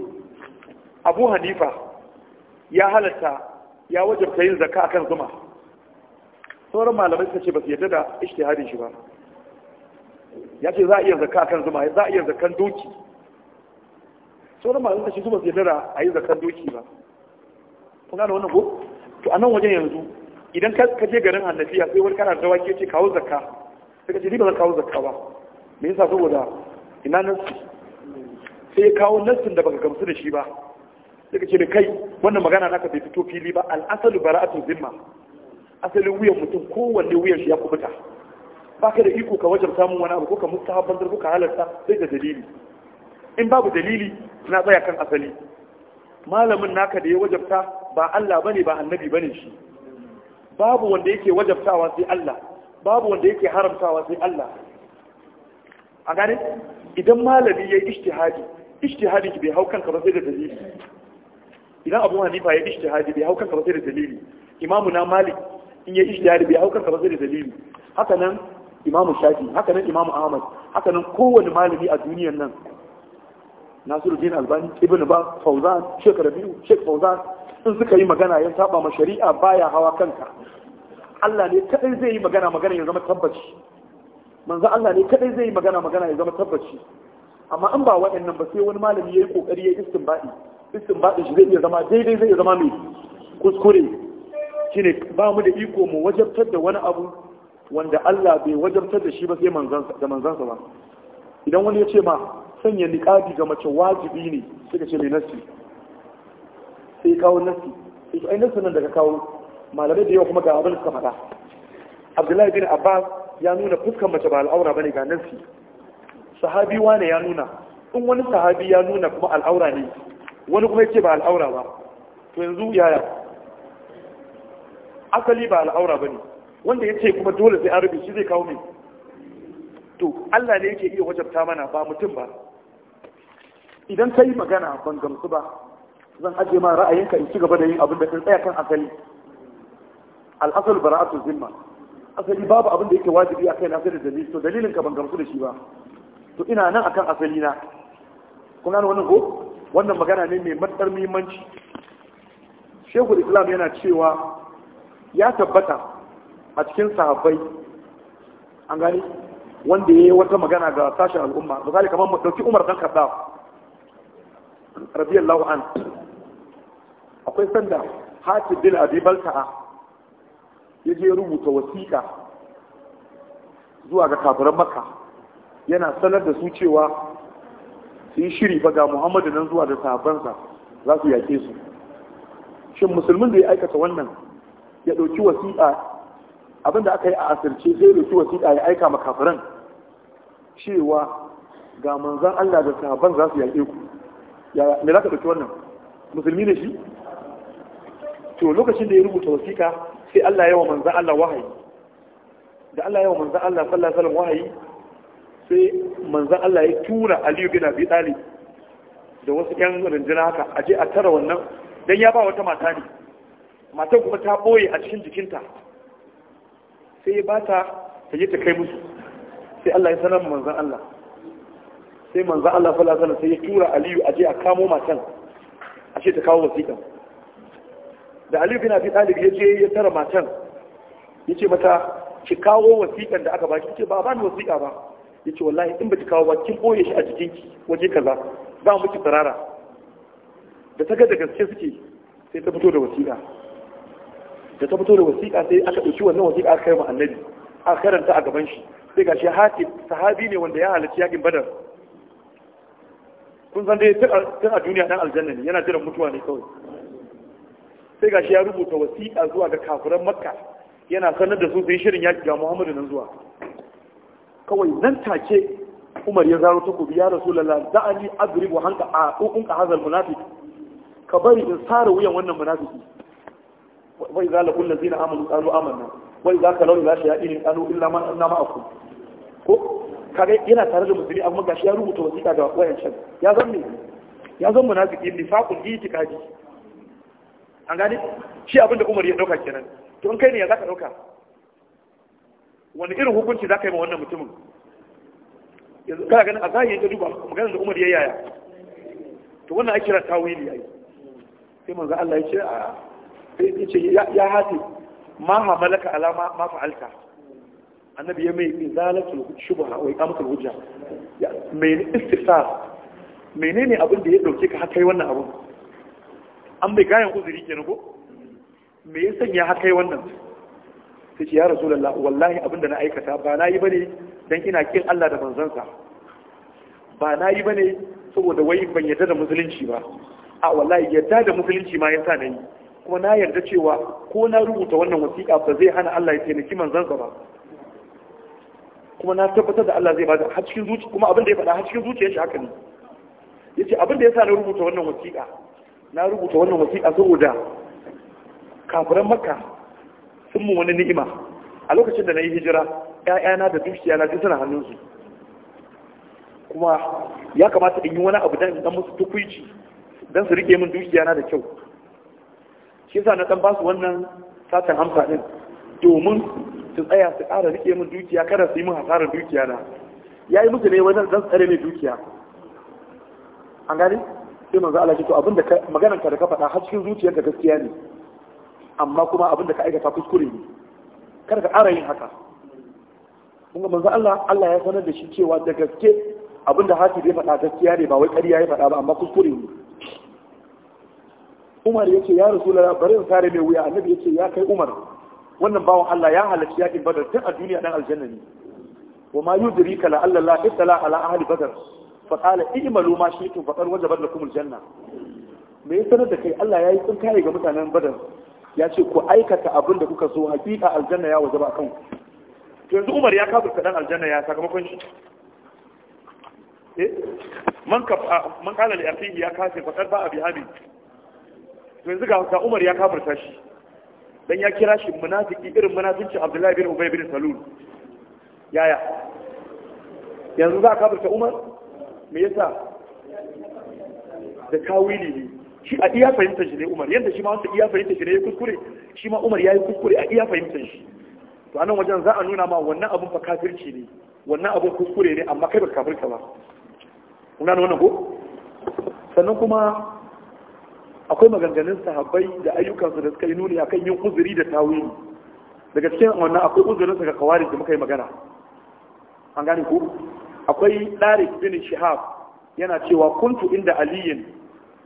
abu hanifa ya halatta ya wajabta yin zaka akan zuma sauran malamai suka ce ba su yadda da ishtihadin shi ba ya ce za a iya zaka akan zuma za a iya zakkan doki sauran malamai suka ce ba su yadda da a yi zakkan doki ba kun gane wannan ko to a nan wajen yanzu idan ka je garin annabiya sai wani kana da ya ce kawo zakka suka ce ni ba zan kawo zakka ba me yasa saboda ina nan sai ya kawo nassin da baka gamsu da shi ba sai ka ce da kai wannan magana naka bai fito fili ba al'asalu bara'atu zimma asalin wuyan mutum kowanne wuyan shi ya kubuta ba ka da iko ka wajen samun wani abu ko ka haɓar ko ka halarta sai da dalili in babu dalili na tsaya kan asali malamin naka da ya wajabta ba Allah bane ba annabi bane shi babu wanda yake wajabtawa sai Allah babu wanda yake haramtawa sai Allah a gane idan malami ya yi ishtihadi ijtihadin bai hau kanka ba sai da dalili idan abu hanifa ya ijtihadi bai hau kanka ba sai da dalili imamu na malik in ya ijtihadi bai hau kanka ba sai da dalili haka nan imamu shafi haka nan imamu ahmad haka nan kowane malami a duniyar nan nasiruddin albani Ibnu ba fauzan shek rabiu shek fauzan in suka yi magana ya saba ma shari'a baya hawa kanka Allah ne kadai zai yi magana magana ya zama tabbaci manzo Allah ne kadai zai yi magana magana ya zama tabbaci amma an ba waɗannan ba sai wani malami ya yi ƙoƙari ya yi istinbaɗi baɗi shi zai iya zama daidai zai iya zama mai kuskure ne ba mu da iko mu wajabtar da wani abu wanda Allah bai wajabtar da shi ba sai da manzansa ba idan wani ya ce ma sanya niƙadi ga mace wajibi ne suka ce mai nasi sai kawo nasi sai ai nasi sunan daga kawo malamai da yawa kuma ga abin suka faɗa abdullahi bin abbas ya nuna fuskar mace ba al'aura bane ga nasi sahabi wane ya nuna in wani sahabi ya nuna kuma al'aura ne wani kuma yake ba al'aura ba to yanzu yaya asali ba al'aura ba ne wanda ya ce kuma dole sai an rufe shi zai kawo mai to Allah ne yake iya wajabta mana ba mutum ba idan ka yi magana ban gamsu ba zan ajiye ma ra'ayinka in ci gaba da yin abin da kan tsaya kan asali al'asal bara'atu zimma asali babu abin da yake wajibi a kai na sai da dalili to dalilin ka ban gamsu da shi ba to ina nan akan asali na kun gano wannan ko wannan magana ne mai matsar muhimmanci shehu islam yana cewa ya tabbata a cikin sahabbai an gani wanda ya yi wata magana ga sashen al'umma misali kamar mu ɗauki umar dan kaddaf radiyallahu an akwai sanda hatib bin abi balta'a ya je rubuta wasiƙa zuwa ga kafiran makka yana sanar da su cewa su yi shiri ba ga muhammadu nan zuwa da sahabansa za su yake su shin musulmin da ya aikata wannan ya ɗauki wasiƙa abinda aka yi a asirce sai ya ɗauki wasiƙa ya aika makafiran cewa ga manzan Allah da sahabban za su yaƙe ku me za ka ɗauki wannan musulmi ne shi to lokacin da ya rubuta wasiƙa sai Allah yawa manzan Allah wahayi da Allah yawa manzan Allah sallallahu alaihi wahayi sai manzan Allah ya tura aliyu bin abi talib da wasu yan rinjina haka a je a tara wannan don ya ba wata mata ne matan kuma ta boye a cikin jikinta sai ya ba ta yi ta kai musu sai Allah ya sanar manzan Allah sai manzan Allah sallallahu alaihi sai ya tura aliyu a je a kamo matan a ce ta kawo wasiƙan da aliyu bin abi talib ya je ya tara matan ya ce mata ki kawo wasiƙan da aka ba ki ce ba ba ni wasiƙa ba ya ce wallahi in ki kawo ba kin ɓoye shi a jikinki waje kaza za mu ki tsarara da ta ga da gaske suke sai ta fito da wasiƙa da ta fito da wasiƙa sai aka ɗauki wannan wasiƙa aka kai mu annabi aka karanta a gaban shi sai gashi hakim sahabi ne wanda ya halarci yakin badar kun san dai tun a duniya dan aljanna ne yana jiran mutuwa ne kawai sai gashi ya rubuta wasiƙa zuwa ga kafiran makka yana sanar da su sai shirin yaki ga muhammadu nan zuwa kawai nan take umar ya zaro takobi ya rasulullah da'ani adribu hanka a ukun ka hazal munafiq ka bari in sare wuyan wannan munafiki wai za la kullu zina amalu qalu amanna wai za ka lauri zashi ya irin qalu illa ma anna ma akum ko kage yana tare da musulmi amma gashi ya rubuta wasiƙa ga can. ya zan ne ya zan munafiki nifaqul itiqadi an gane shi abinda umar ya dauka kenan to in kai ne ya zaka dauka wani irin hukunci za ka yi ma wannan mutumin yanzu kana ganin a zahiri ta duba maganar da umar ya yaya to wannan ake kira tawili ai sai manzo Allah ya ce a sai ya ce ya hati ma malaka ala ma ma fa'alta annabi ya mai izalatul shubha wa iqamatul hujja mai istifsar menene abin da ya dauke ka haka yi wannan abun an bai gayan uzuri kenan ko me ya sanya haka yi wannan sai ce ya rasulullah wallahi abinda na aikata ba na yi bane dan ina kin Allah da manzansa ba na yi bane saboda wai ban yarda da musulunci ba a wallahi yarda da musulunci ma yasa na yi kuma na yarda cewa ko na rubuta wannan wasiƙa ba zai hana Allah ya taimaki manzansa ba kuma na tabbatar da Allah zai bada har cikin zuci kuma abin da ya faɗa har cikin zuciyarsa shi haka ne yace abin da yasa na rubuta wannan wasiƙa na rubuta wannan wasiƙa saboda kafiran makka sun mu wani ni'ima a lokacin da na yi hijira ‘ya'yana da dukiya na suna hannunsu kuma ya kamata in yi wani abu da dan musu tukuici don su rike min dukiya da kyau shi yasa na dan ba su wannan satan hamsa din domin su tsaya su ƙara rike min dukiya kada su yi min hasarar dukiya ya yi musu ne wajen dan tsare mai dukiya an gani sai manzo Allah ya ce to abinda maganar ka da ka faɗa har cikin zuciyarka gaskiya ne amma kuma abin da ka aikata kuskure ne kar ka ƙara yin haka kuma manzo Allah Allah ya sanar da shi cewa da gaske abin da hakim ya faɗa gaskiya ne ba wai ƙarya ya faɗa ba amma kuskure ne Umar ya ce ya Rasulullah bari in kare mai wuya annabi ya ce ya kai Umar wannan bawan Allah ya halarci yakin Badar tun a duniya dan aljanna ne wa ma yudrika la alla la isla ala ahli Badar fa qala ijmalu ma shi'tum faqad wajabat lakum aljanna me ya sanar da kai Allah ya yi tsinkaye ga mutanen Badar ya ce ku aikata abin da kuka so hakika aljanna ya wajaba kan ku to yanzu Umar ya kafa kadan aljanna ya sakamakon shi eh? man kala da yarfi ya kafa faqad ba abi hadi to yanzu ga Umar ya kafa shi dan ya kira shi munafiki irin munafincin Abdullahi bin Ubay bin Salul yaya yanzu za ka kafirta Umar me yasa da kawili ne shi a iya fahimtar shi ne umar yadda shi ma wasu iya fahimtar shi ne ya kuskure shi ma umar ya yi kuskure a iya fahimtar shi to anan wajen za a nuna ma wannan abun fa kafirci ne wannan abun kuskure ne amma kai ba kafirka ba Kuna nuna wannan ko sannan kuma akwai maganganun sahabbai da su da suka yi nuni akan yin uzuri da tawili daga cikin wannan akwai uzurin sa ga kawari da muka yi magana an gane ko akwai Tariq bin Shihab yana cewa kuntu inda aliyin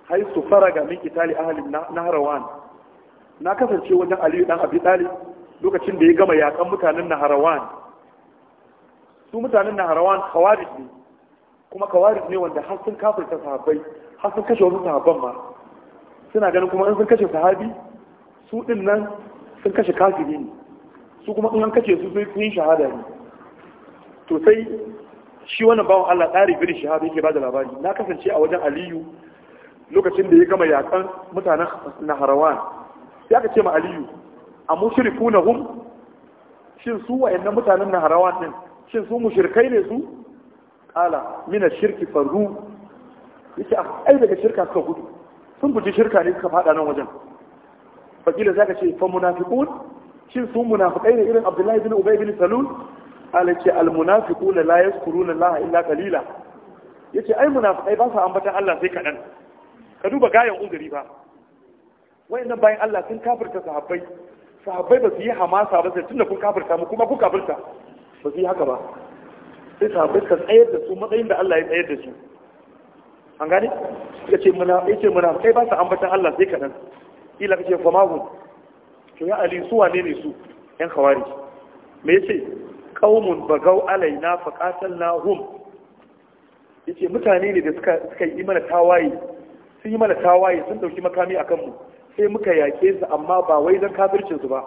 fara faraga min ahalin na naharawan na kasance wajen aliyu dan abi talib lokacin da ya gama yakan mutanen naharawan su mutanen naharawan khawarij ne kuma khawarij ne wanda har sun kafirta sahabbai har sun kashe wasu sahabban ma suna ganin kuma in sun kashe sahabi su din nan sun kashe kafiri ne su kuma in an kashe su sun yi shahada ne to sai shi wannan bawan Allah tsari birin shahada yake ba da labari na kasance a wajen Aliyu lokacin da ya gama yakan mutanen naharawan ya ka ce ma aliyu a mushriku na hum shin su wayannan mutanen naharawan din shin su mushrikai ne su kala mina shirki farru yake ah, ai daga shirka suka gudu sun guji shirka ne suka fada nan wajen fakila za ka ce fa munafiqun shin su munafiqai ne irin abdullahi bin ubay bin salul ce al munafiquna la yazkuruna allaha illa qalila yace ai munafiqai ba sa ambatan Allah sai kadan ka duba gayan ungari ba nan bayan Allah sun kafirta sahabbai sahabbai ba su yi hamasa ba sai tunda kun kafirta mu kuma kun kafirta ba su yi haka ba sai sahabbai ka tsayar da su matsayin da Allah ya tsayar da su an gane suka ce muna yace muna kai ba su ambatan Allah sai kadan ila kace fa mahu to ya ali su wane ne su yan khawari me yace qaumun bagau alaina faqatalnahum yace mutane ne da suka suka yi mana tawaye sun yi mana tawaye sun dauki makami a kanmu sai muka yaƙe su amma ba wai don kafircin su ba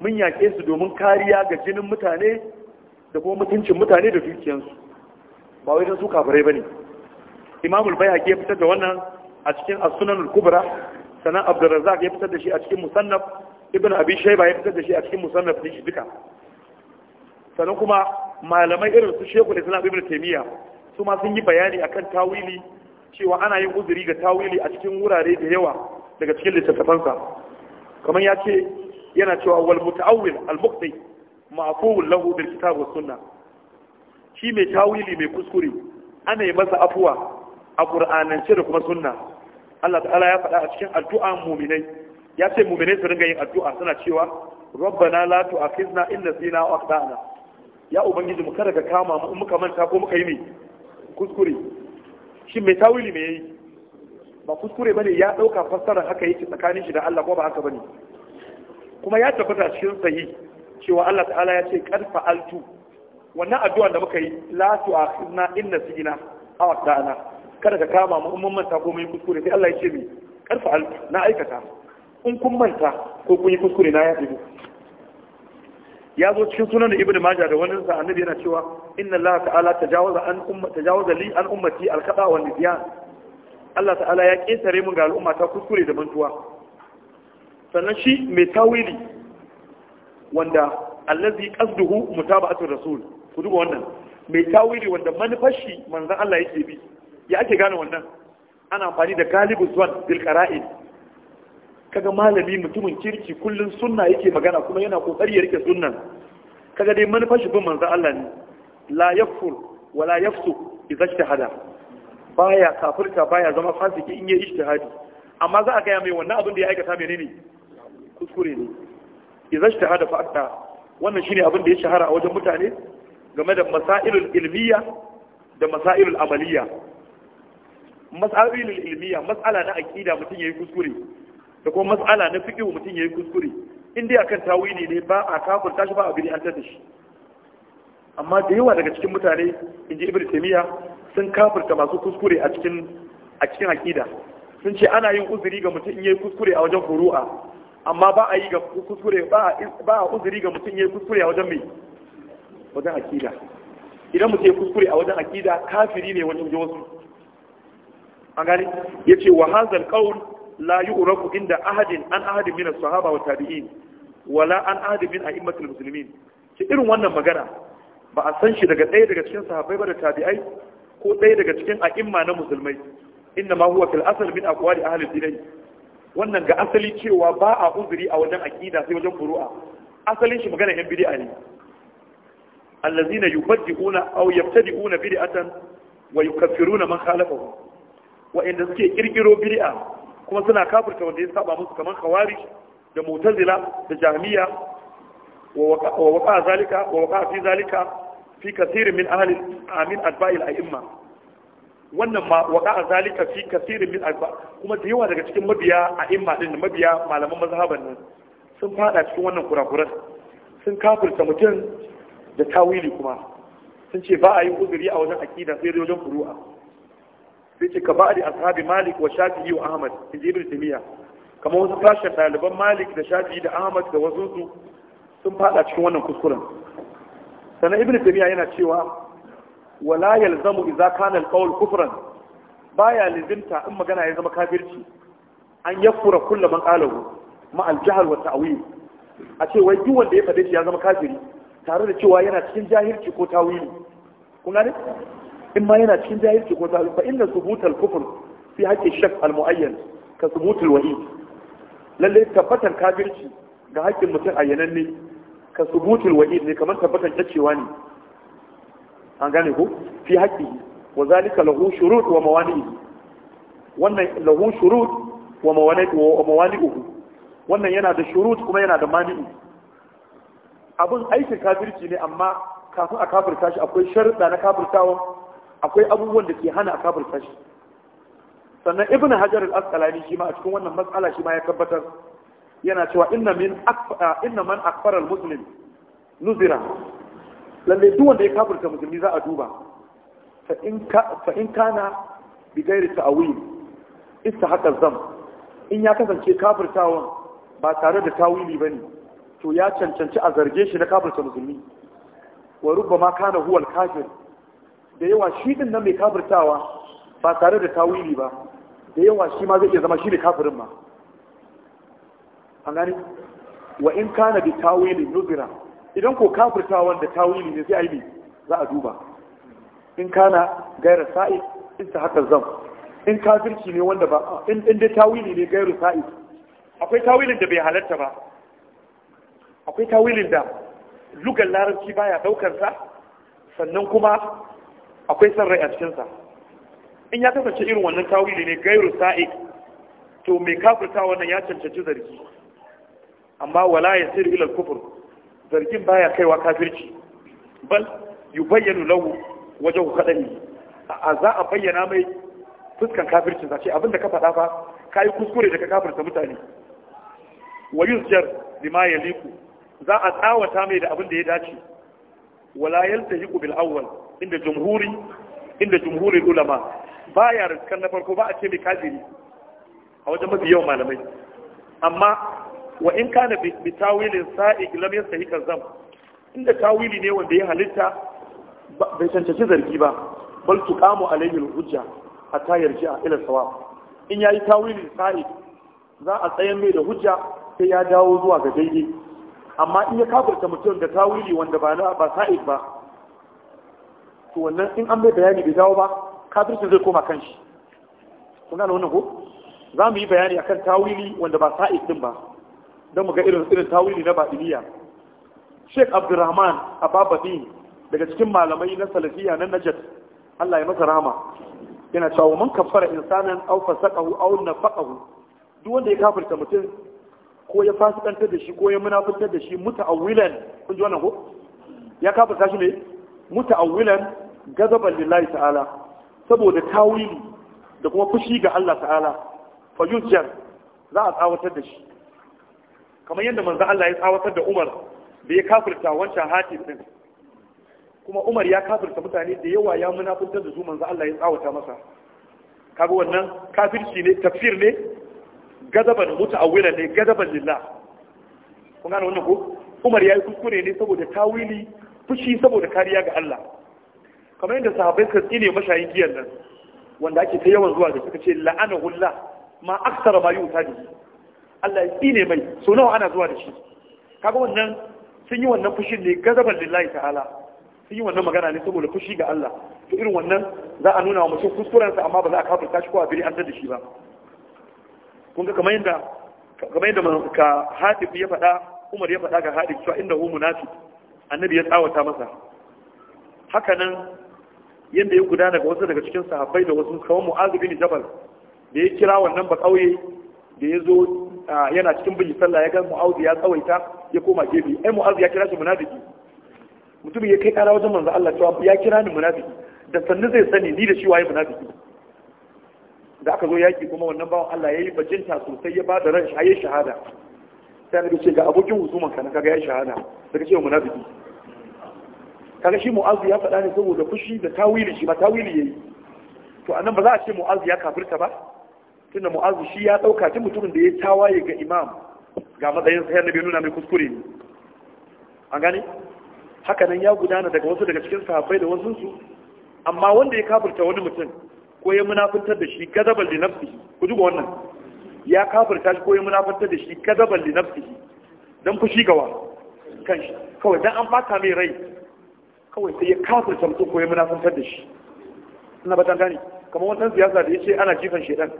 mun yaƙe su domin kariya ga jinin mutane da kuma mutuncin mutane da dukiyansu ba wai don su kafirai ne imamul bayhaqi ya fitar da wannan a cikin asunan sunan kubra sanan abdurrazak ya fitar da shi a cikin musannaf ibn abi shayba ya fitar da shi a cikin musannaf din shi duka sannan kuma malamai irin su shekul islam ibn taymiya su ma sun yi bayani akan tawili cewa ana yin uzuri ga tawili a cikin wurare da yawa daga cikin littattafansa kamar ya ce yana cewa wal muta'awwil al muqti ma'fuwun lahu bil kitab was sunnah shi mai tawili mai kuskure ana yi masa afuwa a qur'anance da kuma sunna Allah ta'ala ya faɗa a cikin addu'a mu'minai ya ce mu'minai su ringa yin addu'a suna cewa rabbana la tu'akhizna in nasina wa akhtana ya ubangiji mu kada ka kama mu muka manta ko muka yi mai kuskure shi mai tawili mai yi? ba kuskure bane ya dauka fassara haka yake tsakanin shi da Allah ko ba haka bane kuma ya tabbata cikin sayi cewa Allah ta'ala ya ce kad fa'altu wannan addu'a da muka yi la tu'akhidna inna nasina aw ta'ala kada ka kama mu umman manta ko mai kuskure sai Allah ya ce mai kad fa'altu na aikata in kun manta ko kun yi kuskure na yafi ya zo cikin sunan da ibnu majah da wannan sa annabi yana cewa inna allaha ta'ala tajawaza an umma tajawaza li an ummati al khata wa nisyan Allah ta'ala ya kesare mun ga al'umma ta kuskure da mantuwa sannan shi mai tawili wanda allazi qasduhu mutaba'atu rasul ku duba wannan mai tawili wanda manufar shi manzon Allah yake bi ya ake gane wannan ana amfani da galibus wan bil kaga malami mutumin kirki kullum sunna yake magana kuma yana kokari ya rike sunnan kaga dai manufar shi bin manzo Allah ne la yakfur wa la yafsu idza ijtahada baya kafirta baya zama fasiki in yayi ijtihadi amma za a gaya mai wannan abin da ya aikata menene kuskure ne idza ijtahada fa akta wannan shine abin da ya shahara a wajen mutane game da masailul ilmiya da masailul amaliya masailul ilmiya mas'ala na aqida mutum yayi kuskure da kuma mas'ala na wa mutum ya yi kuskure inda ya kan tawi ne ba a kafin tashi ba a biri an tattashi amma da yawa daga cikin mutane inji Ibrahim taymiya sun kafirta masu kuskure a cikin a cikin aƙida. sun ce ana yin uzuri ga mutum ya yi kuskure a wajen furu'a amma ba a yi ga kuskure ba a uzuri ga mutum ya yi kuskure a wajen mai wajen aƙida idan mutum ya kuskure a wajen aƙida, kafiri ne wajen wasu an gani ce wa hazal qaul la yu'rafu inda ahadin an ahadin min as-sahaba wa wala an ahadin min a'immatul muslimin ki irin wannan magana ba a san shi daga ɗaya daga cikin sahabbai ba da tabi'ai ko ɗaya daga cikin a'imma na musulmai inda ma huwa fil asal min aqwali ahli dinai wannan ga asali cewa ba a uzuri a wajen aqida sai wajen furu'a asalin shi magana yan bid'a ne allazina yubaddi'una bid'atan wa yukaffiruna man khalafahu wa inda suke ƙirƙiro bid'a kuma suna kafirta wanda ya saba musu kamar kawari da mu'tazila da jahmiya wa waqa zalika wa waqa fi zalika fi kaseer min ahli amin adba'il a'imma wannan ma waqa zalika fi kaseer min adba kuma da yawa daga cikin mabiya a'imma din da mabiya malaman mazhaban nan sun fada cikin wannan kurakuran sun kafirta mutum da tawili kuma sun ce ba a yi uzuri a wajen aqida sai wajen furu'a sai ce ka ba ashabi malik wa shafi'i wa ahmad in ji ibn timiya kamar wasu sashen ɗaliban malik da shafi'i da ahmad da wasu su sun fada cikin wannan kuskuren sannan ibn timiya yana cewa wala yalzamu idza kana al kufran baya lazimta in magana ya zama kafirci an yakfura kullu man qalahu ma al wata wa a ce wai duk wanda ya fade shi ya zama kafiri tare da cewa yana cikin jahilci ko tawili kun in ma yana cikin jahilci ko ta fa inna subutal kufr fi haqqi shak al muayyan ka subutul wahid lalle tabbatar kafirci ga haƙƙin mutum ayyanan ne ka subutul wahid ne kamar tabbatar kaccewa ne an gane ko fi haƙƙi wa zalika lahu shurut wa mawani'i wannan lahu shurut wa mawani'uhu wannan yana da shurut kuma yana da mani'i abun aikin kafirci ne amma kafin a kafirta shi akwai sharuɗa na kafirtawa akwai abubuwan da ke hana a kafirta shi sannan ibn hajar al-asqalani shi ma a cikin wannan matsala shi ma ya tabbatar yana cewa inna min inna man akfara al-muslim nuzira lalle duk wanda ya kafirta musulmi za a duba fa in ka fa in kana bi ghairi zam in ya kasance kafirtawan ba tare da tawili bane to ya cancanci a zarge shi na kafirta musulmi wa rubbama kana huwa al-kafir da yawa shi din nan mai kafirtawa ba tare da tawili ba da yawa shi ma zai iya zama shi ne kafirin ma an gani wa in kana bi tawili nuzira idan ko kafirtawan da tawili ne sai a yi za a duba in kana gaira sa'i in ta haka zam in kafirci ne wanda ba in in dai tawili ne gairu sa'i akwai tawilin da bai halatta ba akwai tawilin da lugar larabci baya daukar sa sannan kuma akwai san rai a cikinsa in ya kasance irin wannan tawili ne gairu sa'i to mai kafirta wannan ya cancanci zargi amma wala ya sirri ilal kufur zargin baya kaiwa kafirci bal yubayyanu lahu wajen kadani a za a bayyana mai fuskan kafircin zace abinda ka faɗa fa kai kuskure da ka kafirta mutane wa yuzjar bima yaliku za a tsawata mai da abin da ya dace wala yaltahiqu bil awwal inda jumhuri inda jumhurin ulama ya riskan na farko ba a ce mai kafiri a wajen mafi yawan malamai amma wa in kana bi tawilin sa'i lam yastahi kazam inda tawili ne wanda ya halitta bai cancanci zargi ba bal tuqamu alayhi a hujja ji a ila sawa in yayi tawilin sa'i za a tsayan mai da hujja sai ya dawo zuwa ga daidai amma in ya kafirta mutum da tawili wanda ba na ba sa'i ba to wannan in an bai bayani bai dawo ba kafirci zai koma kanshi. shi kun gane wannan ko za mu yi bayani akan tawili wanda ba sa'id din ba don mu ga irin irin tawili na batiniya Sheikh Abdulrahman Ababadi daga cikin malamai na salafiya na najat Allah ya masa rahama yana cewa man kafara insanan aw fasaqahu aw nafaqahu duk wanda ya kafirta mutum ko ya fasikantar da shi ko ya munafikantar da shi muta'awilan kun ji wannan ko ya kafirta shi ne muta'awilan gazaban lillahi ta'ala saboda tawili da kuma fushi ga Allah ta'ala fa yujjar za a tsawatar da shi kamar yadda manzo Allah ya tsawatar da Umar da ya kafirta wancan hatim din kuma Umar ya kafirta mutane da yawa ya munafuntar da su manzo Allah ya tsawata masa kaga wannan kafirci ne tafsir ne gadaban muta'awwila ne gadaban lillah kun gane wannan ko Umar ya yi kuskure ne saboda tawili fushi saboda kariya ga Allah kamar yadda sahabbai suka tsine mashayin giyan nan wanda ake ta yawan zuwa da suka ce la'ana hulla ma aksara ma yuta da Allah ya tsine mai so nawa ana zuwa da shi kaga wannan sun yi wannan fushin ne gazaban lillahi ta'ala sun yi wannan magana ne saboda fushi ga Allah to irin wannan za a nuna wa mutum kuskurensa amma ba za a kafirta shi ko a biri an da shi ba kun ga kamar yadda kamar yadda ka hadif ya faɗa Umar ya faɗa ga hadif cewa inda hu munafiq annabi ya tsawata masa haka nan yadda ya gudana ga wasu daga cikin sahabbai da wasu kawo mu'azu bin jabal da ya kira wannan ba kauye da ya zo yana cikin bin sallah ya ga mu'azu ya tsawaita ya koma gefe ai mu'azu ya kira shi munafiki mutum ya kai kara wajen manzo Allah cewa ya kira ni munafiki da sannu zai sani ni da shi waye munafiki da aka zo yaki kuma wannan bawan Allah yayi bajinta sosai ya bada ran shi ayi shahada sai ga ce ga abokin husuman ka na kaga ya shahada daga ce munafiki kaga shi mu'azu ya faɗa ne saboda fushi da tawili shi ba tawili yayi to anan ba za a ce mu'azu ya kafirta ba tunda mu'azu shi ya dauka tun mutumin da ya tawaye ga imam ga matsayin sai annabi nuna mai kuskure ne an gane haka nan ya gudana daga wasu daga cikin sahabbai da wasu su amma wanda ya kafirta wani mutum ko ya munafantar da shi gadabal li nafsi ku duba wannan ya kafirta shi ko ya munafantar da shi gadabal li nafsi dan fushi gawa shi kawai dan an fata mai rai kawai sai ya kafirta samtu ko ya munafuntar da shi ina ba tan gane kamar wannan siyasa da ya ce ana jifan shedan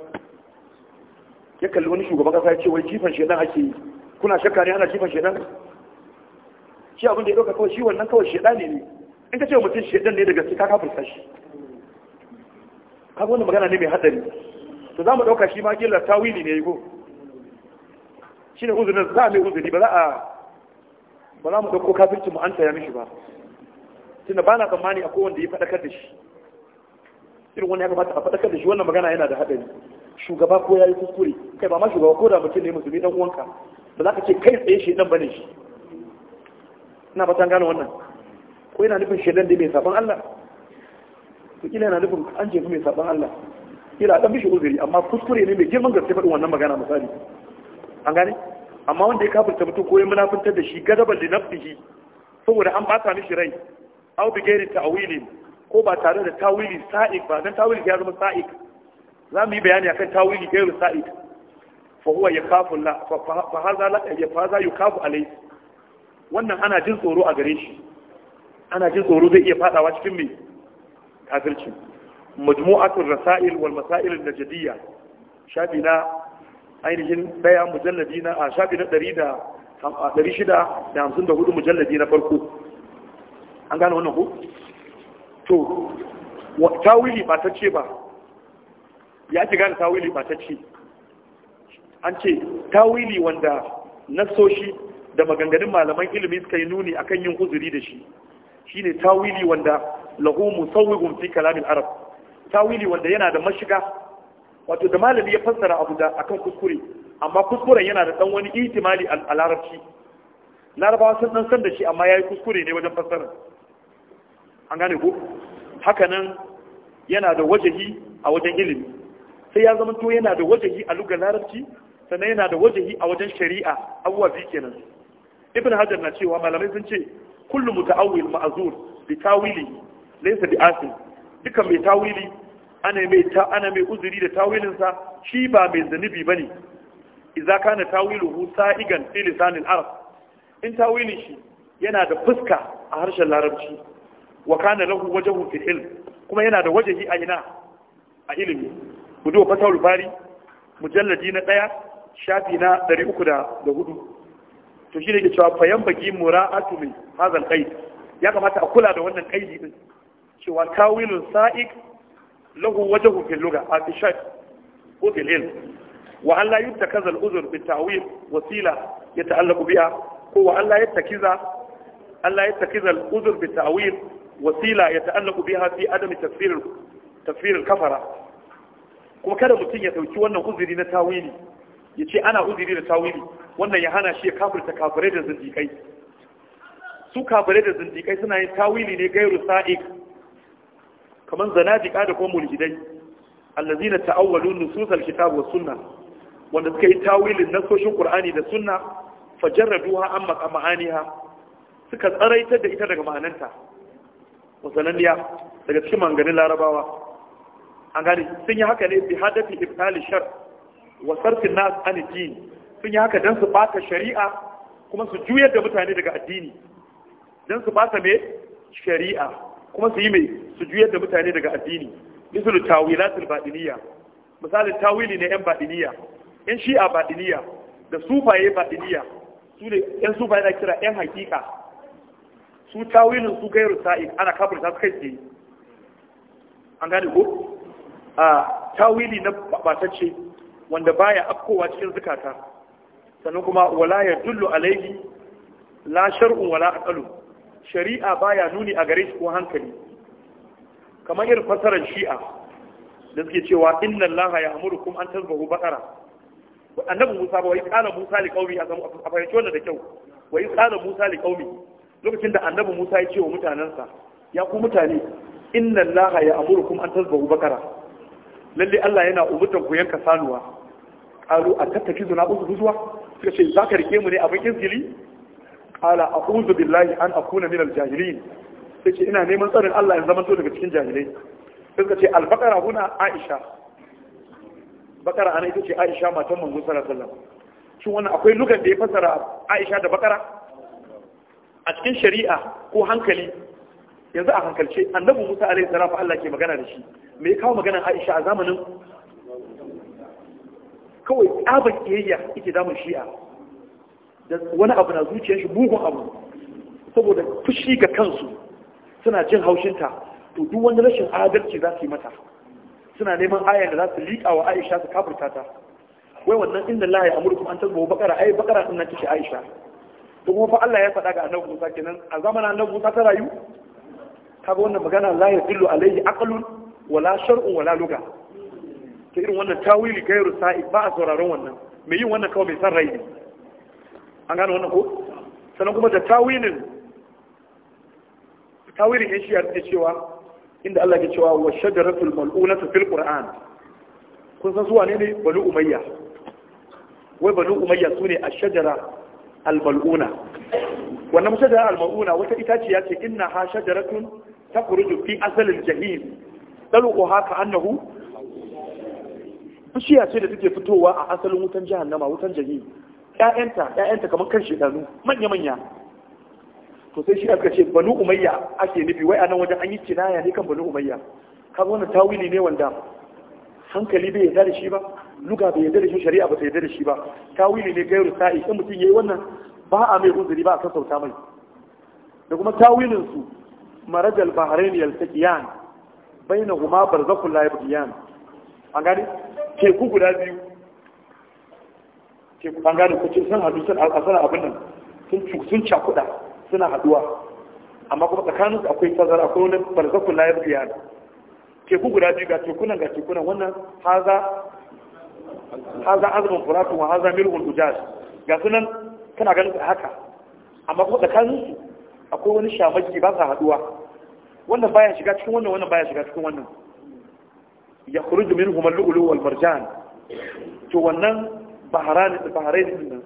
ya kalli wani shugaban kasa ya ce wai jifan shedan ake yi kuna shakka ne ana jifan shedan shi abin da ya dauka kawai shi wannan kawai shedan ne ne in ka ce mutum shedan ne daga cikin ka kafirta shi kaga wannan magana ne mai hadari to za mu dauka shi ma kila tawili ne yago shine uzurin za mu uzuri ba za a ba za mu dauko kafirci mu an taya mishi ba tunda ba na tsammani a kowanne ya faɗakar da shi irin wani ya kamata a faɗakar da shi wannan magana yana da haɗari shugaba ko ya yi kuskure kai ba ma shugaba ko da mutum ne musulmi dan uwanka ba za ka ce kai tsaye shi dan bane shi ina fatan gane wannan ko yana nufin shedan da mai saban Allah Ko kila yana nufin an jefi mai saban Allah kila ɗan bishi uzuri amma kuskure ne mai girman gaske faɗin wannan magana misali an gane amma wanda ya kafirta mutum ko ya munafuntar da shi gadabar da nafsihi saboda an ɓata mishi rai aw bi gairi ta'wilin ko ba tare da tawili sa'ik ba dan tawili ya zama sa'ik za mu yi bayani akan tawili gairi sa'ik fa huwa yakafu la fa hadha la ya fa za yukafu alayhi wannan ana jin tsoro a gare shi ana jin tsoro zai iya fadawa cikin me kafirci majmu'atul rasail wal masail an-najdiyya shafi na ainihin daya mujalladi na a shafi na 100 da 654 mujalladi na farko an gane wannan ku? to tawili ba ta ce ba ya ake gane tawili ba ta ce an ce tawili wanda nasoshi da maganganun malaman ilimi suka yi nuni akan yin huzuri da shi shi ne tawili wanda lahu musawwigun fi kalamin arab tawili wanda yana da mashiga wato da malami ya fassara abu da akan kuskure amma kuskuren yana da dan wani ihtimali a larabci larabawa sun dan san da shi amma yayi kuskure ne wajen fassara an gane ko hakanan yana da wajahi a wajen ilimi sai ya zama to yana da wajahi a lugar larabci sannan yana da wajahi a wajen shari'a abubuwa biyu kenan ibn hajar na cewa malamai sun ce kullu muta'awil ma'azur bi tawili laysa bi asil duka mai tawili ana mai ta ana mai uzuri da tawilin sa shi ba mai zanubi bane idza kana tawiluhu sa'igan fi lisanil arab in tawilin shi yana da fuska a harshen larabci wa kana lahu wajhu fil ilm kuma yana da wajahi a ina a ilimi ku duba fatawul bari mujalladi na daya shafi na 304 to shi ne ke cewa fayan baki mura'atu min hadha al ya kamata a kula da wannan qaidi din cewa tawilun sa'iq lahu wajhu fil lugha atishad ko fil ilm wa an la yuttakaza al-udhr bi ta'wil wasila yata'allaqu biha ko wa an la yattakiza Allah ya taki zal uzur bi ta'wil wasila ya ta'allaku biha fi adami tafsirin tafsirin kafara kuma kada mutum ya dauki wannan uzuri na tawili ya ce ana uzuri da tawili wannan ya hana shi ya kafirta kafirai da zindikai su kafirai da zindikai suna yin tawili ne gairu sa'ik kamar zanadiqa da kuma mulhidai allazina ta'awwalu nusus alkitab was sunna wanda suka yi tawilin nasoshin qur'ani da sunna fajarraduha amma ma'aniha suka tsaraitar da ita daga ma'ananta musananniya daga cikin manganin larabawa an gani sun yi haka ne bi hadafi ibtali shar wa sarfin nas an din sun yi haka dan su bata shari'a kuma su juyar da mutane daga addini dan su bata me shari'a kuma su yi me su juyar da mutane daga addini misalu tawilatul badiniya misali tawili ne yan badiniya yan shi'a badiniya da sufaye badiniya su ne yan sufaye da kira yan hakika su tawilin su gairu sa'id ana kafir su kai tsaye an gane ko a tawili na batacce wanda baya afkowa cikin zukata sannan kuma wala ya dullu alaihi la shar'un wala aqalu shari'a baya nuni a gare shi ko hankali kamar irin fasaran shi'a da suke cewa inna allaha ya'murukum an tazbahu baqara annabi musa ba wai kana musa a samu a fayyace wannan da kyau wai kana musa li lokacin da annabi Musa ya ce wa mutanansa ya ku mutane inna allaha ya kuma an tazbahu bakara lalle Allah yana umurtan ku yanka sanuwa qalu atattakizu na uzu huzwa suka ce zaka rike mu ne abin izgili qala a'udhu billahi an akuna minal jahilin sai ce ina neman tsarin Allah ya zama to daga cikin jahilai suka ce al-baqara huna Aisha bakara ana ita ce Aisha matan manzo sallallahu alaihi wasallam shin wannan akwai lugan da ya fasara Aisha da bakara a cikin shari'a ko hankali yanzu a hankalce annabi Musa alaihi salam Allah ke magana da shi me ya kawo maganar Aisha a zamanin kawai tsabar kiyayya yake mun shi'a da wani abu na zuciyar shi mugun abu saboda fushi ga kansu suna jin haushinta to duk wani rashin adalci za su yi mata suna neman aya da za su liƙa wa Aisha su kafirta ta wai wannan inda Allah a amurku an tasbahu bakara ai bakara din nan take Aisha kuma fa Allah ya faɗa ga annabi Musa kenan a zamanin annabi Musa ta rayu kaga wannan magana la yadullu alayhi aqlun wala shar'un wala luga ke irin wannan tawili gairu sa'i ba a sauraron wannan me yin wannan kawai mai san rai ne an gano wannan ko sannan kuma da tawilin tawilin ya shiyar ke cewa inda Allah ke cewa wa shajaratul mal'unatu fil qur'an kun san su wane ne banu umayya wai banu umayya sune ashjara al-mal'una wannan mushajara maluna wata itaciya ce inna ha shajaratun takhruju fi asalil jahim taluquha haka annahu bishiya ce da take fitowa a asalin wutan jahannama wutan jahim ƴaƴanta ƴaƴanta kamar kan shedanu manya manya to sai shi aka ce banu umayya ake nufi wai anan wajen an yi kinaya ne kan banu umayya kaga wannan tawili ne wanda hankali bai yarda da shi ba luga bai yadda da shi shari'a ba ta yadda da shi ba tawili ne gairu sa'i in mutum yayi wannan ba a mai uzuri ba a sassauta mai da kuma tawilin su marajal bahrain yaltaqiyan bainahuma barzakhul la yabghiyan an gani teku guda biyu teku an gani ko sun hadu sun asara abin nan sun sun cakuda suna haduwa amma kuma tsakanin su akwai tazara akwai wani barzakhul la yabghiyan teku guda biyu ga tekunan ga tekunan wannan haza haza azumin furatun wa haza milhul ujaz ga sunan kana ganin haka amma kuma da kan akwai wani shamaki ba sa haduwa wannan baya shiga cikin wannan wannan baya shiga cikin wannan ya khuruju min humar lu'ulu wal marjan to wannan baharani da baharai nan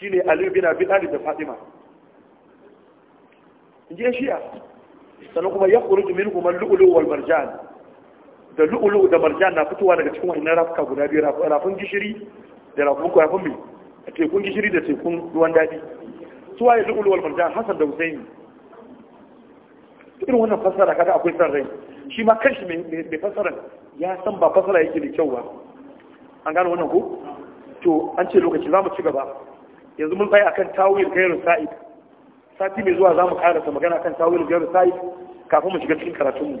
shine ali bin abi talib da fatima in shi'a sannan kuma ya khuruju min humar lu'ulu wal marjan da lu'ulu da marjan na fitowa daga cikin wannan rafuka guda biyu rafin gishiri da rafin rafin mai tekun gishiri da tekun ruwan dadi su waye lu'ulu wal marjan hasan da husaini irin wannan fassara kaga akwai san rai shi ma kanshi mai fassara ya san ba fasara yake da kyau ba an gano wannan ko to an ce lokaci za mu ci gaba yanzu mun tsaya akan tawil gairu sa'id sati mai zuwa za mu karasa magana kan tawil gairu sa'id kafin mu shiga cikin karatunmu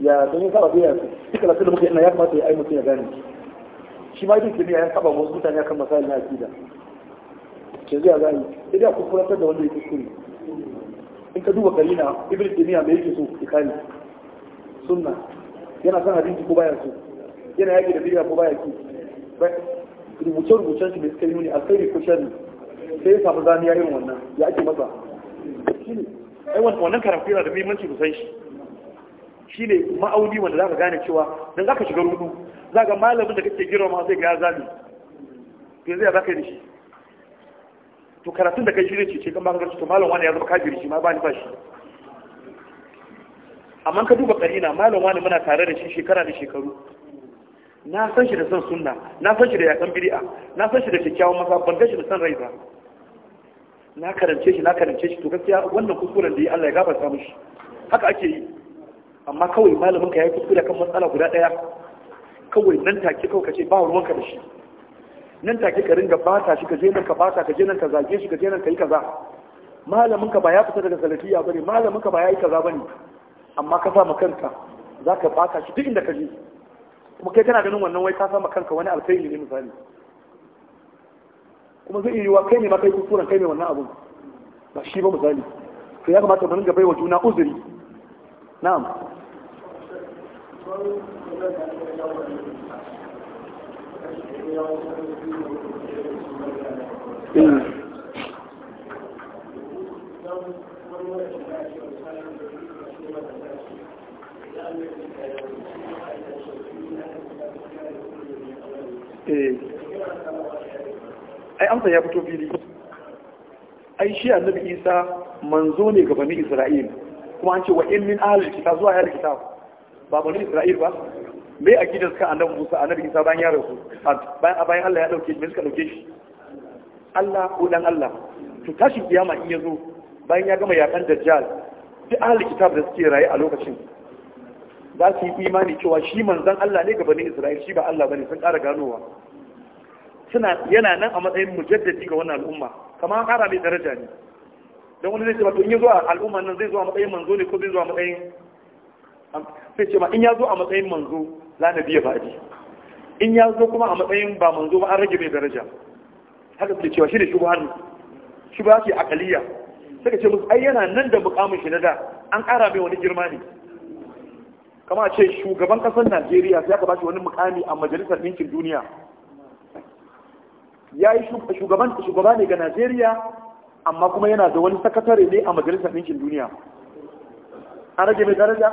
ya don ya saba biya su duk karatu da muke ina ya kamata ya ai mutum ya gane shi ma ibn taymiya ya saba wasu mutane akan masail na aqida ke zai gani sai da kufurantar da wanda ya kuskure in ka duba gari karina ibn taymiya me yake so ikani sunna yana son hadisi ko baya so yana yaki da bid'a ko baya ki rubuce-rubucen shi mai suka yi ne alkhairi ko sharri sai ya samu zaniya irin wannan ya ake masa shi ne wannan karatu yana da muhimmanci ku san shi shi ne ma'auni wanda za ka gane cewa don za ka shiga rudu za ga malamin da kake girma zai ga zami yanzu ya za ka yi da shi to karatun da kai shi ne ce kan ba ka to malam wani ya zama kajiri shi ma ba ni ba shi amma ka duba karina malam wani muna tare da shi shekara da shekaru na san shi da san sunna na san shi da yakan bid'a na san shi da kyakkyawan masa ban ga shi da san rai ba na karance shi na karance shi to gaskiya wannan kuskuren da ya Allah ya gafarta mishi haka ake yi amma kawai malamin ka ya kuskure kan matsala guda ɗaya kawai nan take kawai ka ce ba ruwanka da shi nan take ka ringa bata shi ka je nan ka bata ka je nan ka zage shi ka je nan ka yi kaza malamin ka ba ya fita daga salafiya bane malamin ka ba ya yi kaza bane amma ka sa ma kanka zaka bata shi duk inda ka je kuma kai kana ganin wannan wai ka sa ma kanka wani alkhairi ne misali kuma zai yi wa kai ne ma kai kuskuren kai ne wannan abun ba shi ba misali to ya kamata mu ringa baiwa juna uzuri na'am Eh. ai amsa ya fito fili ai shi annabi isa manzo ne gabanin bani isra'il kuma an ce wa in min ahlil kitab zuwa ya kitab ba bani isra'il ba me a gidan ka annabi musa annabi isa bayan ya rasu bayan bayan allah ya dauke shi suka dauke shi allah ko dan allah to tashin kiyama in ya zo bayan ya gama yakan dajjal duk ahli kitab da suke raye a lokacin za su yi imani cewa shi manzon allah ne ga bani isra'il shi ba allah bane sun ƙara ganowa suna yana nan a matsayin mujaddadi ga wannan al'umma kamar ƙara mai daraja ne don wani zai ce ba to in ya zo al'umma nan zai zo a matsayin manzo ne ko zai zo a matsayin sai ce ma in ya zo a matsayin manzo la ya fadi. in ya zo kuma a matsayin ba manzo ba an rage mai daraja haka suke cewa shi ne shubuhan shubuha ce akaliya ka ce musu ai yana nan da mukamin shi na da an ƙara mai wani girma ne kama a ce shugaban ƙasar najeriya sai aka ba shi wani mukami a majalisar ɗinkin duniya ya yi shugaba ne ga najeriya amma kuma yana da wani sakatare ne a majalisar ɗinkin duniya an rage mai daraja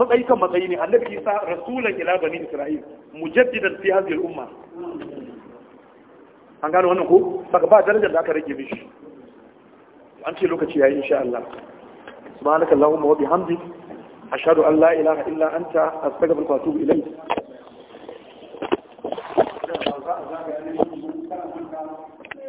matsayi kan matsayi ne annabi isa rasulan ila bani isra'il mujaddidan fi hadhihi al-umma an gano wannan ko saka ba darajar da aka rage mishi an ce lokaci yayi insha Allah subhanaka allahumma wa bihamdik ashhadu an la ilaha illa anta astaghfiruka wa atubu ilayk